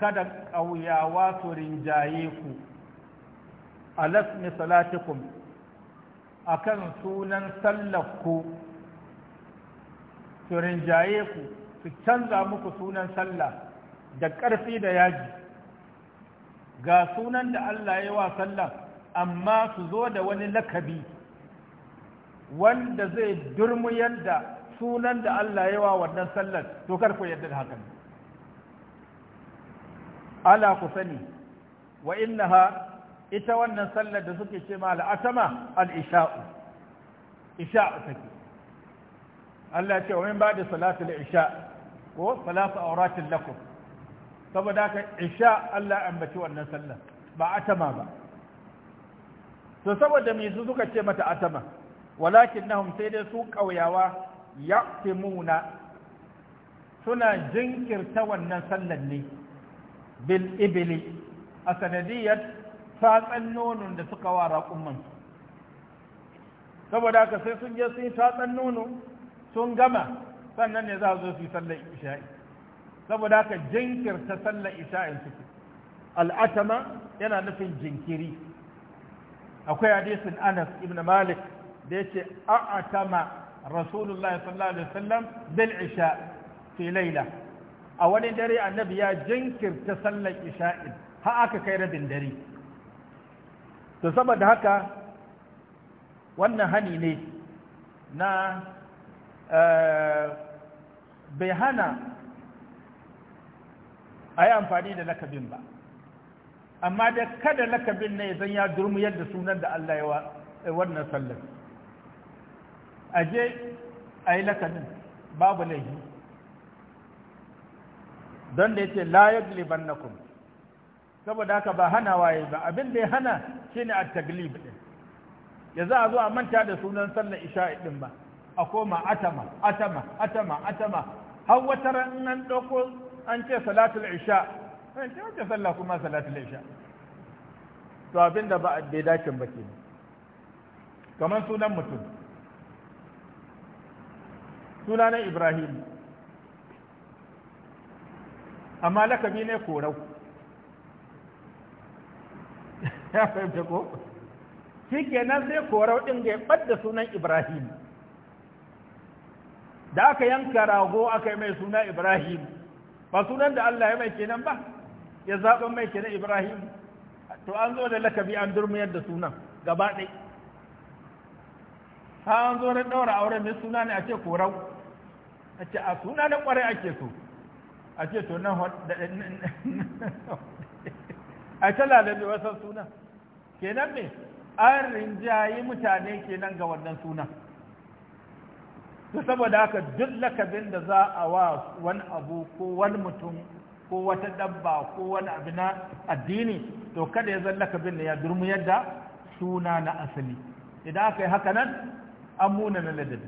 kada qawyawa to rinjayeku alasmi salatikum akan sunan sallakku su rinjaye ku su canza muku sunan sallah da ƙarfi da yaji ga sunan da Allah ya wa sallah amma su zo da wani lakabi wanda zai durmuyar da sunan da Allah ya wa wannan sallar to kar ku yarda da hakan ala ku sani wa innaha ita wannan sallar da suke ce ma al'atama al-isha'u isha'u take Allah ce wa min ba da salatu da isha ko salatu auratin lakum saboda haka isha Allah ambaci wannan sallar ba atama ba to saboda me su suka ce mata atama walakin walakinnahum sai dai su ƙauyawa ya fi muna suna jinkirta wannan sallar ne bil ibili a sanadiyar tatsan nonon da suka wa raƙumman saboda haka sai sun je sun yi tatsan nono sun gama sannan ne za su zo su yi sallar isha'i saboda haka jinkirta sallar isha'in suke al'atama yana nufin jinkiri akwai hadisin anas ibn malik da yace a'atama rasulullah sallallahu alaihi wasallam bil isha fi laila a wani dare annabi ya jinkirta sallar isha'i har aka kai rabin dare to saboda haka wannan hani ne na Eh, bai hana a yi amfani da lakabin ba amma da kada lakabin ne zan ya durmu yadda sunan da Allah ya eh, wannan sallar aje a yi lakabin babu laifi don da yake layar liban na kuma saboda haka ba hana waye ba abin da ya hana shine a taglib ɗin. ya za a zo a manta da sunan sallar isha'i ɗin ba a koma atama atama atama atama har wata ran an ɗauko an ce salatul isha an ce wace sallah kuma salatul isha to abin da bai dace ba ke kamar sunan mutum sunanan ibrahim amma lakabi ne korau ya fahimta ko shi kenan sai korau ɗin ga ya ɓadda sunan ibrahim da aka yanka rago aka yi mai suna ibrahim ba sunan da allah ya mai kenan ba ya zaɓin mai kenan ibrahim to an zo da lakabi an durmiyar da sunan gaba ɗai ha an zo da ɗaura auren mai suna ne a ce korau a ce a suna na ƙwarai ake so a ce to nan a ce lalabi wasan sunan kenan me an rinjayi mutane kenan ga wannan sunan to saboda haka duk lakabin da za a wa wani abu ko wani mutum ko wata dabba ko wani abu na addini to kada ya zan lakabin da ya durmu yadda suna na asali idan aka yi haka nan an muna na ladabi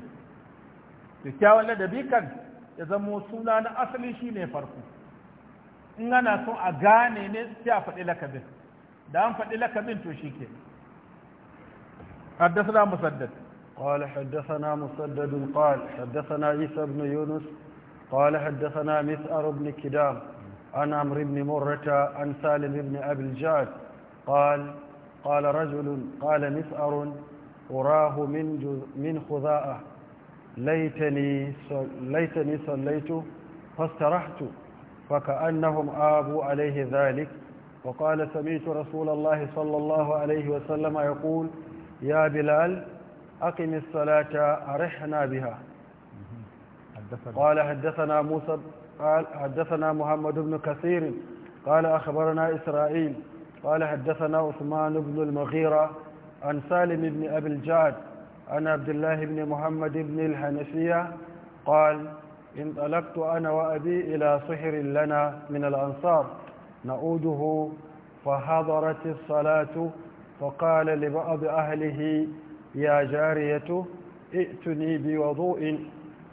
kyakkyawan ladabi kan ya zamo suna na asali shine farko in ana so a gane ne sai a faɗi lakabin da an faɗi lakabin to shi ke haddasa musaddad قال حدثنا مسدد قال حدثنا عيسى بن يونس قال حدثنا مسأر بن كدام عن عمرو بن مرة عن سالم بن أبي الجعد قال قال رجل قال مسأر أراه من جز من خذاءة ليتني ليتني صليت فاسترحت فكأنهم آبوا عليه ذلك وقال سمعت رسول الله صلى الله عليه وسلم يقول يا بلال أقم الصلاة أرحنا بها قال حدثنا موسى قال حدثنا محمد بن كثير قال أخبرنا إسرائيل قال حدثنا عثمان بن المغيرة عن سالم بن أبي الجعد عن عبد الله بن محمد بن الحنفية قال انطلقت أنا وأبي إلى صحر لنا من الأنصار نعوده فحضرت الصلاة فقال لبعض أهله يا جارية ائتني بوضوء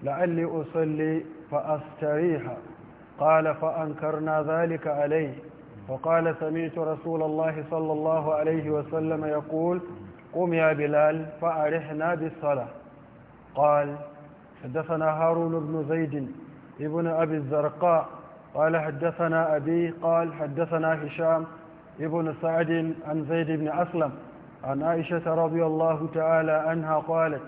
لعلي أصلي فأستريح قال فأنكرنا ذلك عليه وقال سمعت رسول الله صلى الله عليه وسلم يقول قم يا بلال فأرحنا بالصلاة قال حدثنا هارون بن زيد ابن أبي الزرقاء قال حدثنا أبي قال حدثنا هشام ابن سعد عن زيد بن أسلم عن عائشة رضي الله تعالى عنها قالت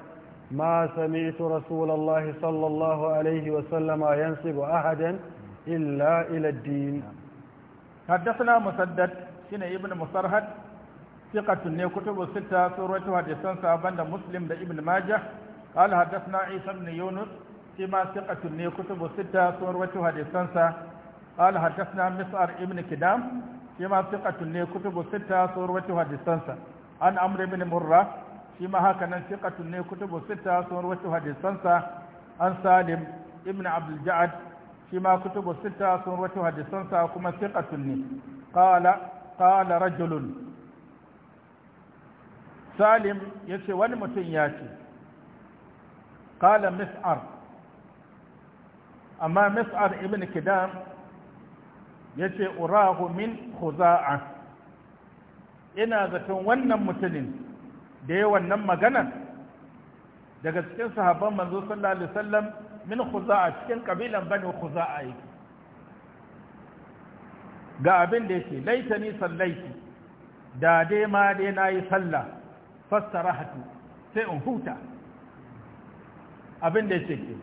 ما سمعت رسول الله صلى الله عليه وسلم ينصب أحدا إلا إلى الدين حدثنا مسدد شن ابن مسرهد ثقة كتب الستة سورة حديثان سابن مسلم دا ابن ماجه قال حدثنا عيسى بن يونس فيما ثقة كتب الستة سورة حديثان قال حدثنا مسعر ابن كدام فيما ثقة كتب الستة سورة حديثان an amri bin murra shi ma haka nan thiqatun ne kutubu sita sun rawaito hadisansa an salim ibn abdulja'ad ja'ad shi ma kutubu sita sun rawaito hadisansa kuma thiqatun ne ƙala ƙala rajulun salim ya ce wani mutum ya ce ƙala mis'ar amma mis'ar ibn kidam ce urahu min khuza'a ina zaton wannan mutumin da ya wannan magana daga cikin sahabban manzo sallallahu alaihi wasallam min khuza'a cikin kabilan bani khuza'a yake ga abin da yake laitani sallaiti da dai ma dai nayi sallah fastarahatu sai in huta abin da yake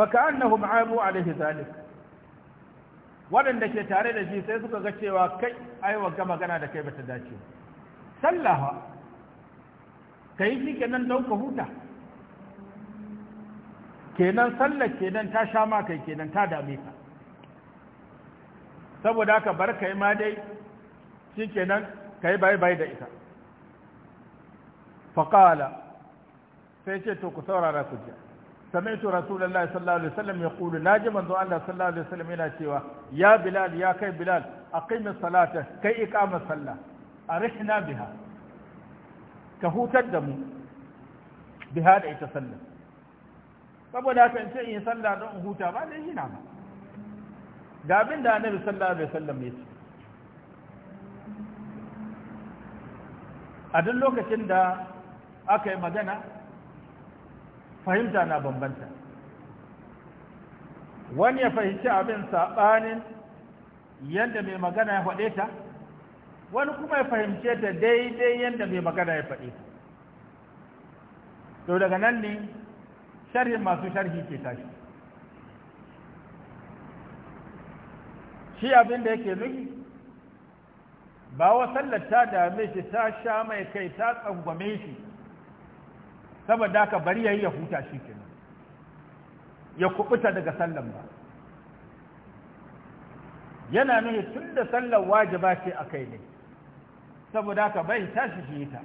fa ka'annahum abu alaihi zalika waɗanda ke tare da shi sai suka ga cewa kai aiwa wa magana da kai bata dace sallaha kai shi kenan don ka huta kenan sallar kenan ta sha ma kai kenan ta dame ka saboda haka bar kai ma dai shi kenan kai bai bai da ita faqala sai ce to ku saurara ku jiya sami'tu rasulullahi sallallahu alaihi wasallam yaqulu naji manzo Allah sallallahu alaihi wasallam yana cewa ya bilal ya kai bilal aqimi salata kai iqama sallah arihna biha ka hutar da mu biha da ita sallah saboda haka in ce in sallah don in huta ba dai yana ba ga abin da annabi sallallahu alaihi wasallam ya ce a duk lokacin da aka yi magana fahimta na bambanta wani ya fahimci abin saɓanin yadda mai magana ya faɗe ta wani kuma ya fahimce ta daidai yadda mai magana ya faɗe ta to daga nan ne sharhin masu sharhi ke tashi shi abin da yake nufi ba wa sallar ta dame ta sha mai kai ta tsangwame shi saboda ka bari yayi ya huta shi kenan ya kubuta daga sallan ba yana nuna tun da sallar wajiba ce a kai ne saboda ka bai tashi shi ta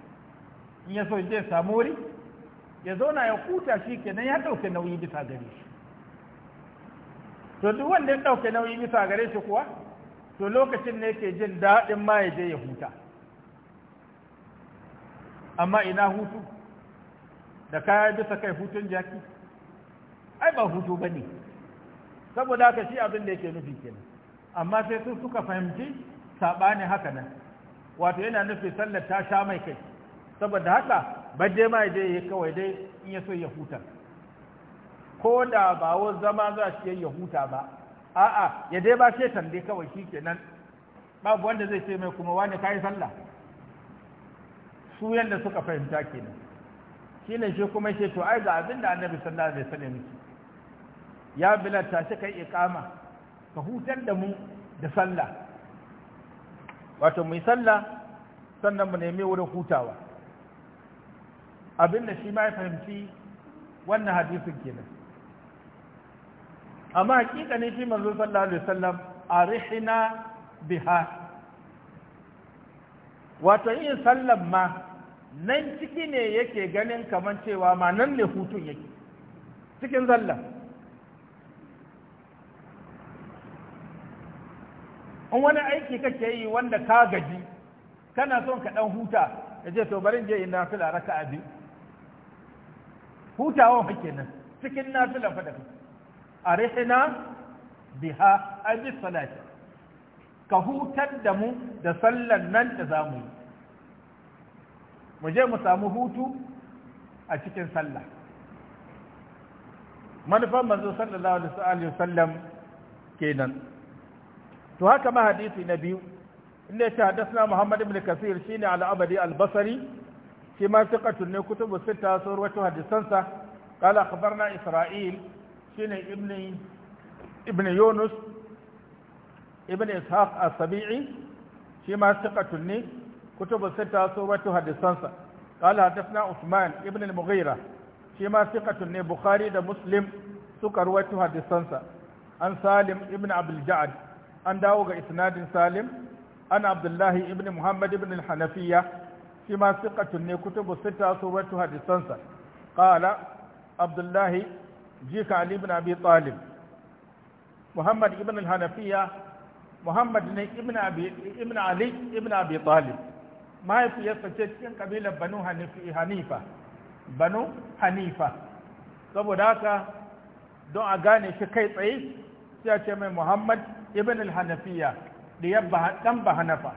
in ya so je samu wuri ya zauna ya huta shi kenan ya dauke nauyi bisa gare shi to duk wanda ya dauke nauyi bisa gare shi kuwa to lokacin ne yake jin daɗin ma ya je ya huta amma ina hutu da kaya bisa kai hutun jaki ai ba hutu ba ne saboda haka shi abin da yake nufi kenan amma sai sun suka fahimci saɓani haka nan wato yana nufi sallar ta sha mai kai saboda haka baje ma je ya kawai dai in ya so ya huta ko da ba wa zama za shi ya huta ba a'a ya dai ba shetan dai kawai shi kenan babu wanda zai ce mai kuma wani kayi sallah su yadda suka fahimta kenan shi ne shi kuma ce to ai ga abin da annabi sallallahu alaihi wasallam miki. ya bilal ta ce kai iqama ka hutar da mu da sallah wato mu yi sallah sannan mu nemi wurin hutawa abin da shi ma ya fahimci wannan hadisin kenan amma hakika ne shi manzo sallallahu alaihi wasallam arihina biha wato yin sallan ma nan ciki ne yake ganin kamar cewa ma nan ne hutun yake cikin zalla in wani aiki kake yi wanda ka gaji kana son ka dan huta ya je to barin je yin nafila raka a Hutawa hutawan hake nan cikin nafila da a rihina biha abi salati ka hutar da mu da sallan nan da za mu yi mu je mu samu hutu a cikin sallah manufan manzo sallallahu alaihi wasallam kenan to haka ma hadisi na biyu inda ya haddasa Muhammad ibn Kathir shine al-Abadi al-Basri shi ma thiqatun ne kutubu sita sun rawaito hadisan sa qala akhbarna Isra'il shine ibn ibn Yunus ibn Ishaq as-Sabi'i shi ma thiqatun ne كتب الستة سورة حديثانسا قال حدثنا عثمان ابن المغيرة شما ثقة ني بخاري ده مسلم سكر وتو حديثانسا عن سالم ابن عبد الجعد عن داوغ إسناد سالم عن عبد الله ابن محمد ابن الحنفية شما ثقة ني كتب الستة سورة حديثانسا قال عبد الله جيك علي بن أبي طالب محمد ابن الحنفية محمد ابن أبي ابن علي ابن أبي طالب mahaifiyarsa ce cikin kabilar banu hanifa banu hanifa saboda haka don a gane shi kai tsaye sai a ce mai muhammad ibn al-hanafiya da ya dan ba hanafa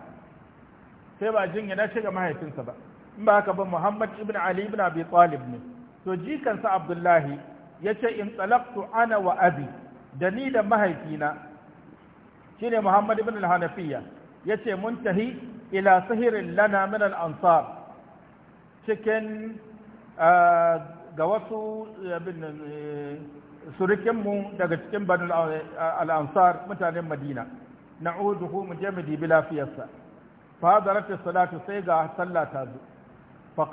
sai ba jingina shiga mahaifinsa ba in ba haka ba muhammad ibn ali ibn abi talib ne to jikansa abdullahi ya ce in tsalaktu ana wa abi da ni da mahaifina shine muhammad ibn al-hanafiya ya ce mun tahi ila sihirin lana min al cikin ga wasu surikinmu daga cikin banu al-ansar mutanen madina na'uduhu mu je mu dibi lafiyarsa fa salatu sai ga sallah ta zo fa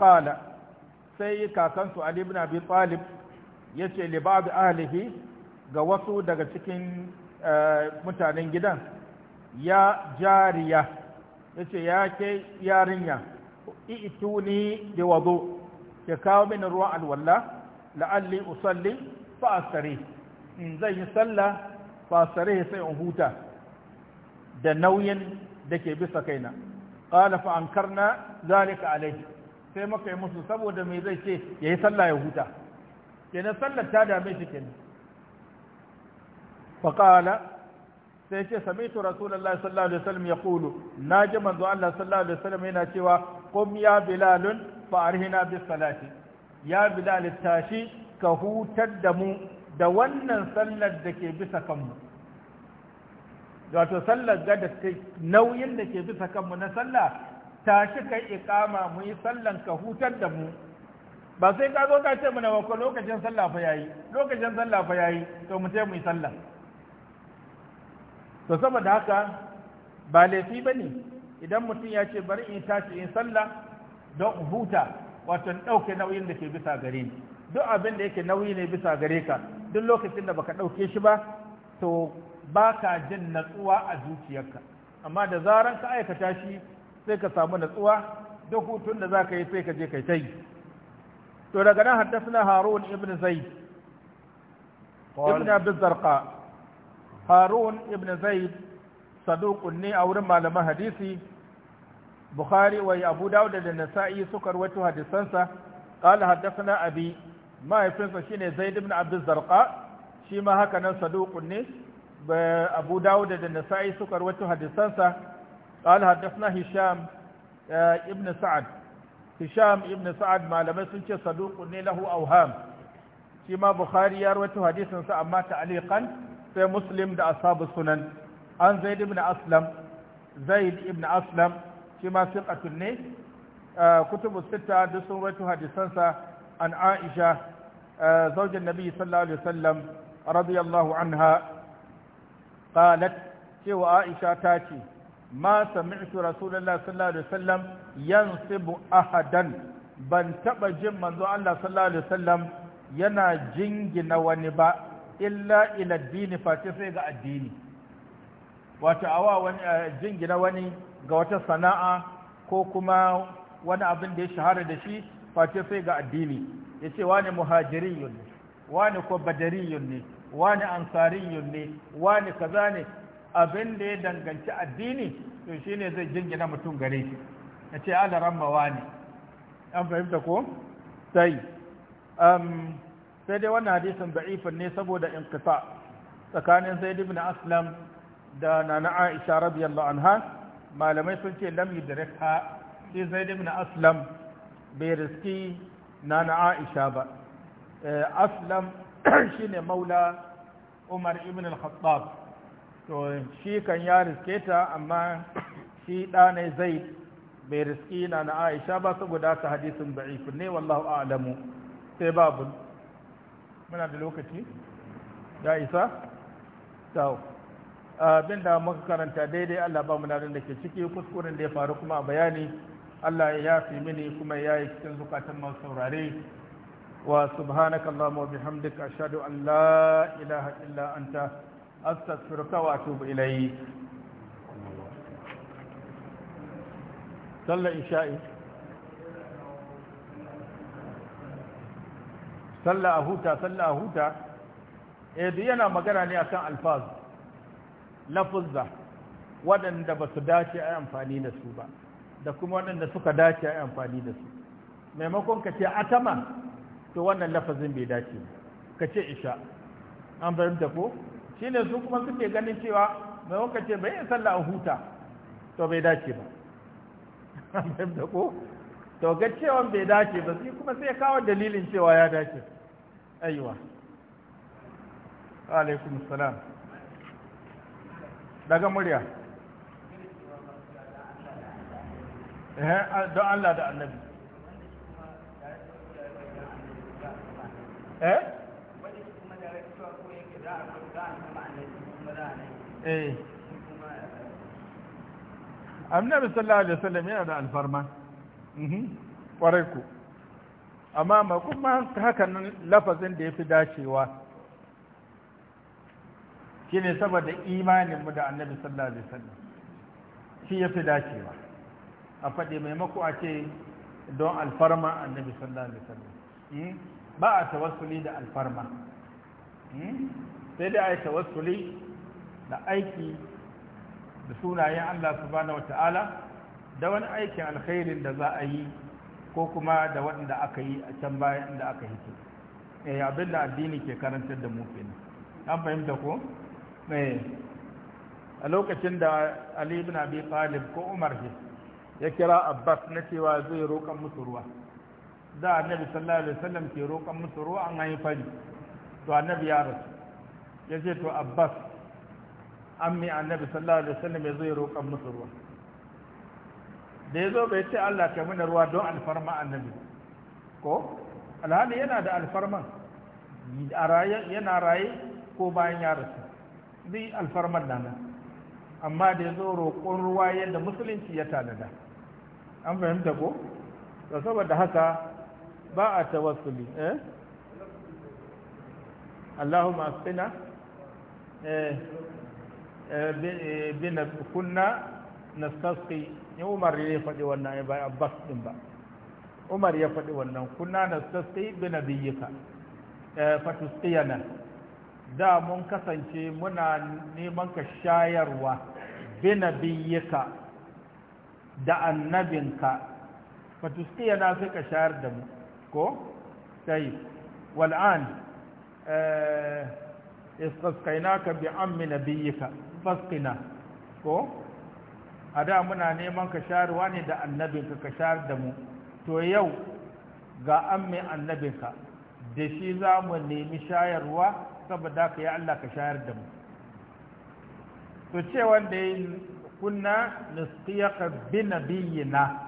sai kakansu ali ibn abi talib yace li ba'd ahlihi ga wasu daga cikin mutanen gidan ya jariya yace ya ke yarinya i'tuni bi wudu ke kawo min ruwa alwalla la'alli usalli fa asari in zai yi sallah fa asari sai in huta da nauyin da ke bisa kaina qala fa ankarna zalika alai sai muka yi musu saboda me zai ce yayi sallah ya huta kenan sallar ta dame shi kenan fa sai ce sami'tu rasulullahi sallallahu alaihi wasallam yaqulu naji manzo Allah sallallahu alaihi wasallam yana cewa qum ya bilal fa arhina bis salati ya bilal tashi ka hutar da mu da wannan sallar da ke bisa kanmu wato sallar ga da nauyin da ke bisa kanmu na sallah tashi kai iqama mu yi sallan ka hutar da mu ba sai ka zo ka ce na wako lokacin sallah fa yayi lokacin sallah fa yayi to mu ce mu yi sallah to da haka ba laifi ba ne idan mutum ya ce bari in tashi in sallah don huta wato ɗauke nauyin da ke bisa gare ni duk abin da yake nauyi ne bisa gare ka duk lokacin da baka ɗauke shi ba to ba ka jin natsuwa a zuciyarka amma da zaran ka aikata shi sai ka samu natsuwa duk hutun da za ka yi sai ka je kai ta yi to daga nan haddasa harun ibn zaid ibn abin zarqa harun ibn zaid saduqun ne a wurin malaman hadisi bukhari wai abu dawud da nasa'i suka rawaito hadisansa qala haddathana abi mahaifinsa shine zaid ibn abd zarqa shi ma haka nan saduqun ne abu dawud da nasa'i suka rawaito hadisansa qala haddathana hisham eh, ibn sa'ad hisham ibn sa'ad malamai sun ce saduqun ne lahu awham shi ma bukhari ya rawaito hadisansa amma ta'liqan sai muslim da ashabu sunan an zaid ibn aslam zaid ibn aslam shi ma siqatun ne uh, kutubu sita duk sun rawaito hadisansa an aisha uh, zaujin nabi sallallahu alaihi wasallam radiyallahu anha qalat cewa aisha ta ce ma sami'tu rasulullahi sallallahu alaihi wasallam yansibu ahadan ban taba jin manzo Allah sallallahu alaihi wasallam yana jingina wani ba illa ila dini face sai ga addini wato awa wani jingina wani ga wata sana'a ko kuma wani abin da ya shahara da shi face sai ga addini yace wani muhajiriyun ne wani ko badariyun ne wani ansariyun ne wani kaza ne abin da ya danganci addini to shine zai jingina mutum gare shi yace ala ramma wani an fahimta ko sai um, sai dai wannan hadisin da'ifin ne saboda inqita tsakanin zaid ibn aslam da nana aisha radiyallahu anha malamai sun ce lam yudrikha sai zaid ibn aslam bai riski nana aisha ba eh, aslam shine maula umar ibn al-khattab to shi kan ya riske ta amma shi ɗane zai bai riski na aisha ba saboda ta hadisin da'if ne wallahu a'lamu sai babu muna da lokaci ya isa tau abin da muka karanta daidai Allah ba mu da ke ciki kuskuren da ya faru kuma a bayani Allah ya yafi mini kuma ya yi cikin zukatan masu saurare wa subhanaka Allahumma wa bihamdika ashhadu an la ilaha illa anta astaghfiruka wa atubu ilayk sallar isha'i sallah a huta sallah a huta eh duk yana magana ne akan alfaz lafuzza waɗanda ba su dace a amfani da su ba da kuma waɗanda suka dace a amfani da su maimakon ka ce atama to wannan lafazin bai dace ka ce isha an fahimta ko shi ne su kuma suke ganin cewa maimakon ka ce bai yi sallah a huta to bai dace ba an fahimta ko to ga cewa bai dace ba sai kuma sai kawo dalilin cewa ya dace aiwa alaikum salam daga murya eh, don Allah da annabi eh eh annabi sallallahu alaihi wasallam yana da alfarma ƙwarai mhm. ku amma ma kuma hakan lafazin da ya fi dacewa shi ne saboda imaninmu da annabi sallallahu alaihi wasallam shi ya fi dacewa a faɗi maimako a ce don alfarma annabi sallallahu alaihi wasallam hmm? ba a tawassuli da alfarma hmm? sai dai a yi tawassuli da aiki da sunayen Allah subhanahu ta'ala da wani aikin alkhairin da za a yi ko kuma da waɗanda aka yi a can bayan inda aka hito eh abin da addini ke karantar da mu kenan an fahimta ko eh a lokacin da Ali ibn Abi Talib ko Umar ya kira Abbas na cewa zai roƙan musu ruwa da annabi sallallahu alaihi wasallam ke roƙan musu ruwa an yi fari to annabi ya rasu ya ce to Abbas ammi annabi sallallahu alaihi wasallam ya zai roƙan musu ruwa da ya zo bai ce Allah ka mini ruwa don alfarma annabi ko alhali yana da alfarman yana raye ko bayan ya rasu zai alfarman nan amma da ya zo roƙon ruwa yadda musulunci ya tanada an fahimta ko da saboda haka ba a tawassuli eh, eh, eh bi اسقنا eh, بنا kunna nastasqi ni umar ya faɗi wannan ya bai abbas ɗin ba umar ya faɗi wannan kunna nastasqi bi nabiyyika eh, nan, da mun kasance muna neman ka shayarwa bi nabiyyika da annabinka fatusqiyana sai ka shayar da mu ko sai wal'an eh, ka bi na nabiyyika fasqina ko a da muna neman ka sharuwa ne da annabinka ka shar da mu to yau ga an mai annabinka da shi za mu nemi shayarwa saboda ka yi Allah ka shayar da mu to ce wanda ya kunna nisqiyaka bi nabiyina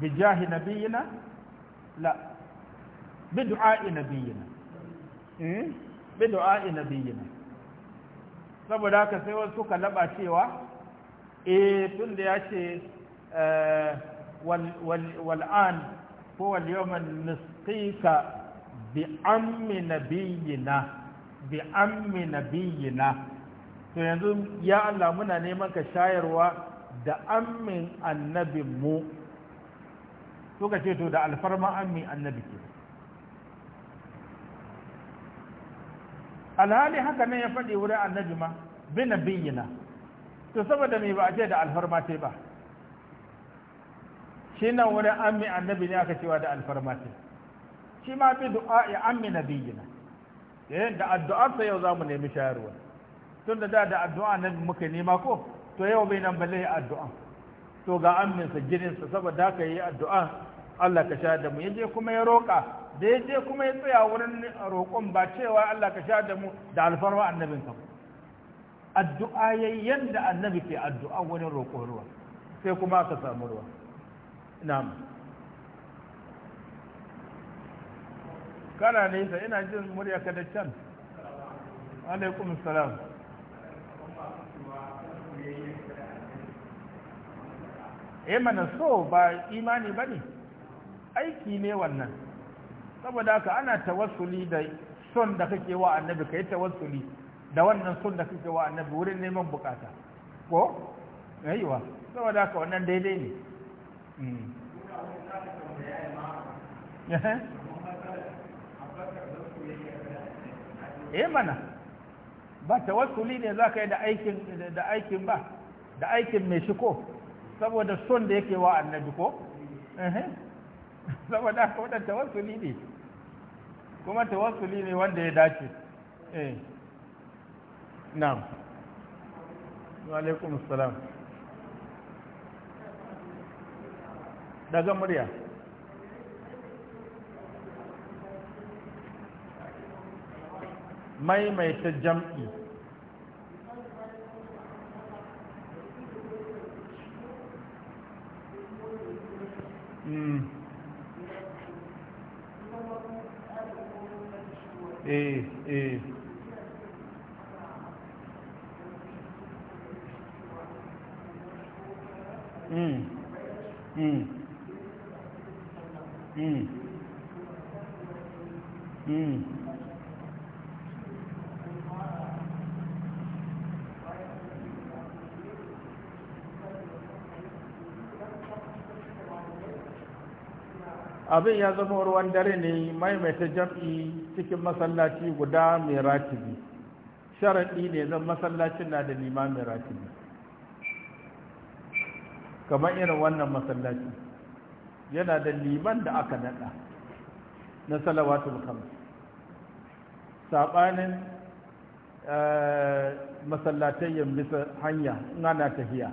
bi jahi nabiyina la bi du'a'i nabiyina hmm? bi du'a'i nabiyina saboda haka sai wasu suka laba cewa eh tun da ya ce eh, wal'an ko wal'yoman nuskika bi ammi nabiyina bi ammi nabiyina to yanzu ya Allah muna neman ka shayarwa da ammin annabinmu suka ce to da alfarma ammi annabi ke alhali haka nan ya faɗi wurin annabi ma bina biyina to saboda me ba a ce da alfarma ce ba shi nan wurin ammi annabi ne aka cewa da alfarma ce shi ma bi du'a ya ammi nabiyina yayin da addu'arsa yau za mu nemi shayarwa tun da da addu'a nan muka nema ko to yau bai nan ba yi addu'a to ga amminsa jininsa saboda haka yi addu'a Allah ka sha da mu yaje kuma ya roƙa da yaje kuma ya tsaya wurin roƙon ba cewa Allah ka sha da mu da alfarwa annabin ka addu'a yayin da annabi ke addu'a wurin roƙon ruwa sai kuma ka samu ruwa na'am kana sai ina jin murya ka da can alaikum salam eh mana so ba imani bane aiki ne wannan saboda haka ana tawassuli da son da kake wa annabi kai tawassuli da wannan son da kake wa annabi wurin neman bukata ko aiwa saboda haka wannan daidai ne hmm. eh mana ba tawassuli ne za ka yi da aikin da aikin ba da aikin mai shi ko saboda son da yake wa annabi ko eh saboda haka wadda tawassuli ne kuma tawassuli ne wanda ya dace eh na'am wa alaikum assalam daga murya maimaita jam'i abin ya zama ruwan dare ne maimaita jam'i cikin masallaci guda mai ratibi sharaɗi ne zan masallacin na da mai ratibi kamar irin wannan masallaci yana da liman da aka naɗa na salawatul kama saɓanin eh, masallatayyan bisa hanya ana tafiya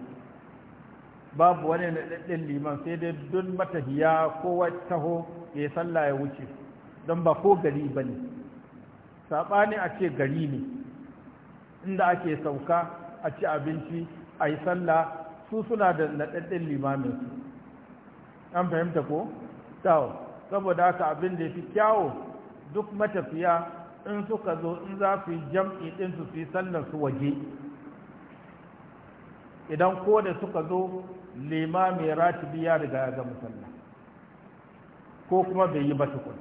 babu wani naɗaɗɗen liman sai dai dun matahiya ko taho ya yi sallah ya wuce don ba ko gari ba ne saɓani a ce gari ne inda ake sauka a ci abinci a yi sallah su suna da naɗaɗɗen limamin su an fahimta ko? tawo saboda haka abin da ya fi kyawo duk matafiya in suka zo in za su yi jam'i ɗinsu su yi sallar su waje idan ko da suka zo limami ratibi ya riga ya ga sallah ko kuma bai yi ba tukun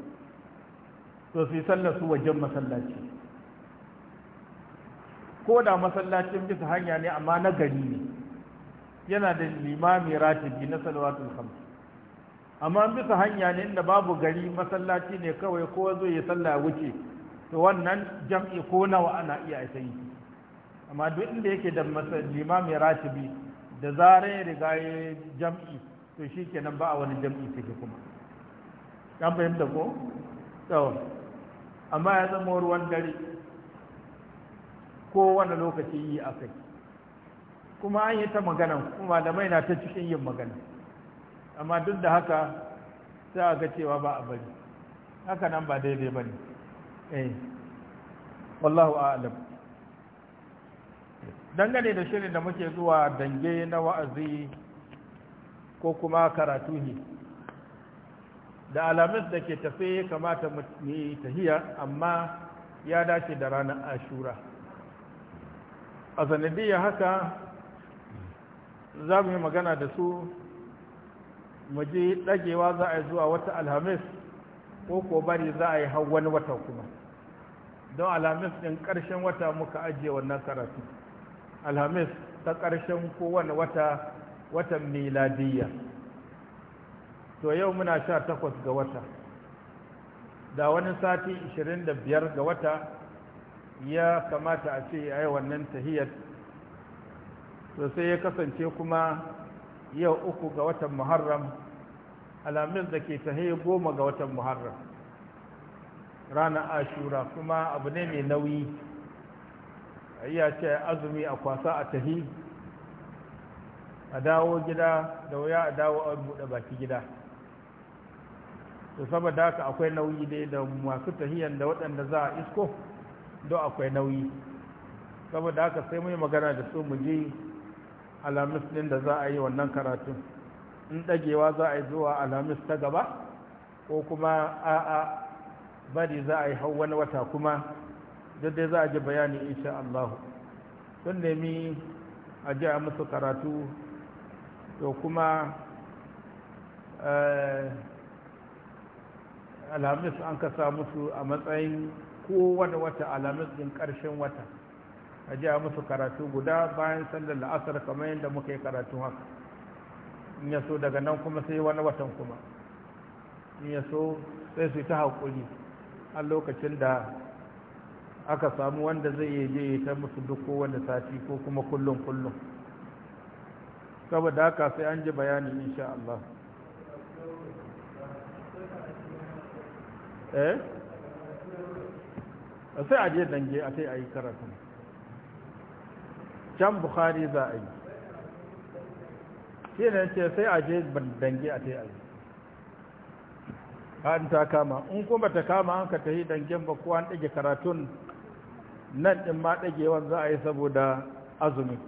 to su yi sallah su wajen masallaci ko da masallacin bisa hanya ne amma na gari ne yana da limami ratibi na salawatul hamsu amma bisa hanya ne inda babu gari masallaci ne kawai ko zo ya sallah wuce to wannan jam'i ko nawa ana iya aita yi amma duk inda yake da limam mai ratibi da zarar ya riga ya jam'i to shi kenan ba a wani jam'i take kuma kan fahimta ko tsawon amma ya zama ruwan dare Ko wani lokaci yi a kai kuma an yi ta magana kuma da mai na ta cikin yin magana amma duk da haka sai a ga cewa ba a bari haka nan ba daidai ba ne eh wallahu a'lam dangane da shirin da muke zuwa dange na wa'azi ko kuma karatu ne da alamis da ke tafe kamata mu yi tahiya amma ya dace da ranar ashura a sanadiyar haka za mu yi magana da su mu ji ɗagewa za a yi zuwa wata alhamis ko ko bari za a yi hau wani wata kuma don alhamis ɗin ƙarshen wata muka ajiye wannan karatu alhamis ta ƙarshen kowane wata watan miladiyya to yau muna sha takwas ga wata da wani sati 25 ga wata ya kamata a ce a yi wannan tahiyar to ya kasance kuma yau uku ga watan muharram alamin da ke tahiyar goma ga watan muharram rana ashura kuma abu ne mai nauyi iya ce azumi a kwasa a tahi a dawo gida da wuya a dawo a buɗe baki gida to saboda haka akwai nauyi dai da masu tahiyan da waɗanda za a isko don akwai nauyi saboda haka sai mu yi magana da su mu ji alamis ɗin da za a yi wannan karatu. in ɗagewa za a yi zuwa alamis ta gaba ko kuma a'a bari za a yi hau wani wata kuma duk za a ji bayani insha Allah sun nemi a ji a musu karatu to kuma eh, alhamis an kasa musu a matsayin kowane wata alhamis din ƙarshen wata a ji a musu karatu guda bayan sallar la'asar kamar yadda muka yi karatu haka in yaso daga nan kuma sai wani watan kuma in yaso sai su ta haƙuri a lokacin da aka samu wanda zai iya je ta musu duk kowane sati ko kuma kullum kullum saboda haka sai an ji bayani insha Allah eh sai a je dange a sai a yi karatun can bukhari za a yi shi ce sai a je dange a sai a yi an ta kama in kuma ta kama an ka ta yi dangen ba ko an ɗage karatun nan ɗin ma ɗagewan za a yi saboda azumi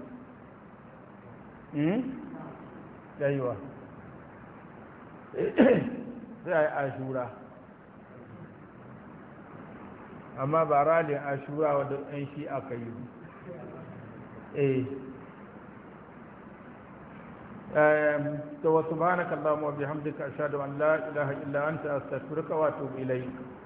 ɗayewa hmm? sai a yi ashura amma ba ralin ashura wadda ɗan shi aka yi eh ehm, to wasu ba na kallon wa bihamdika ashadu an la ilaha illa anta astaghfiruka wa atubu ilayk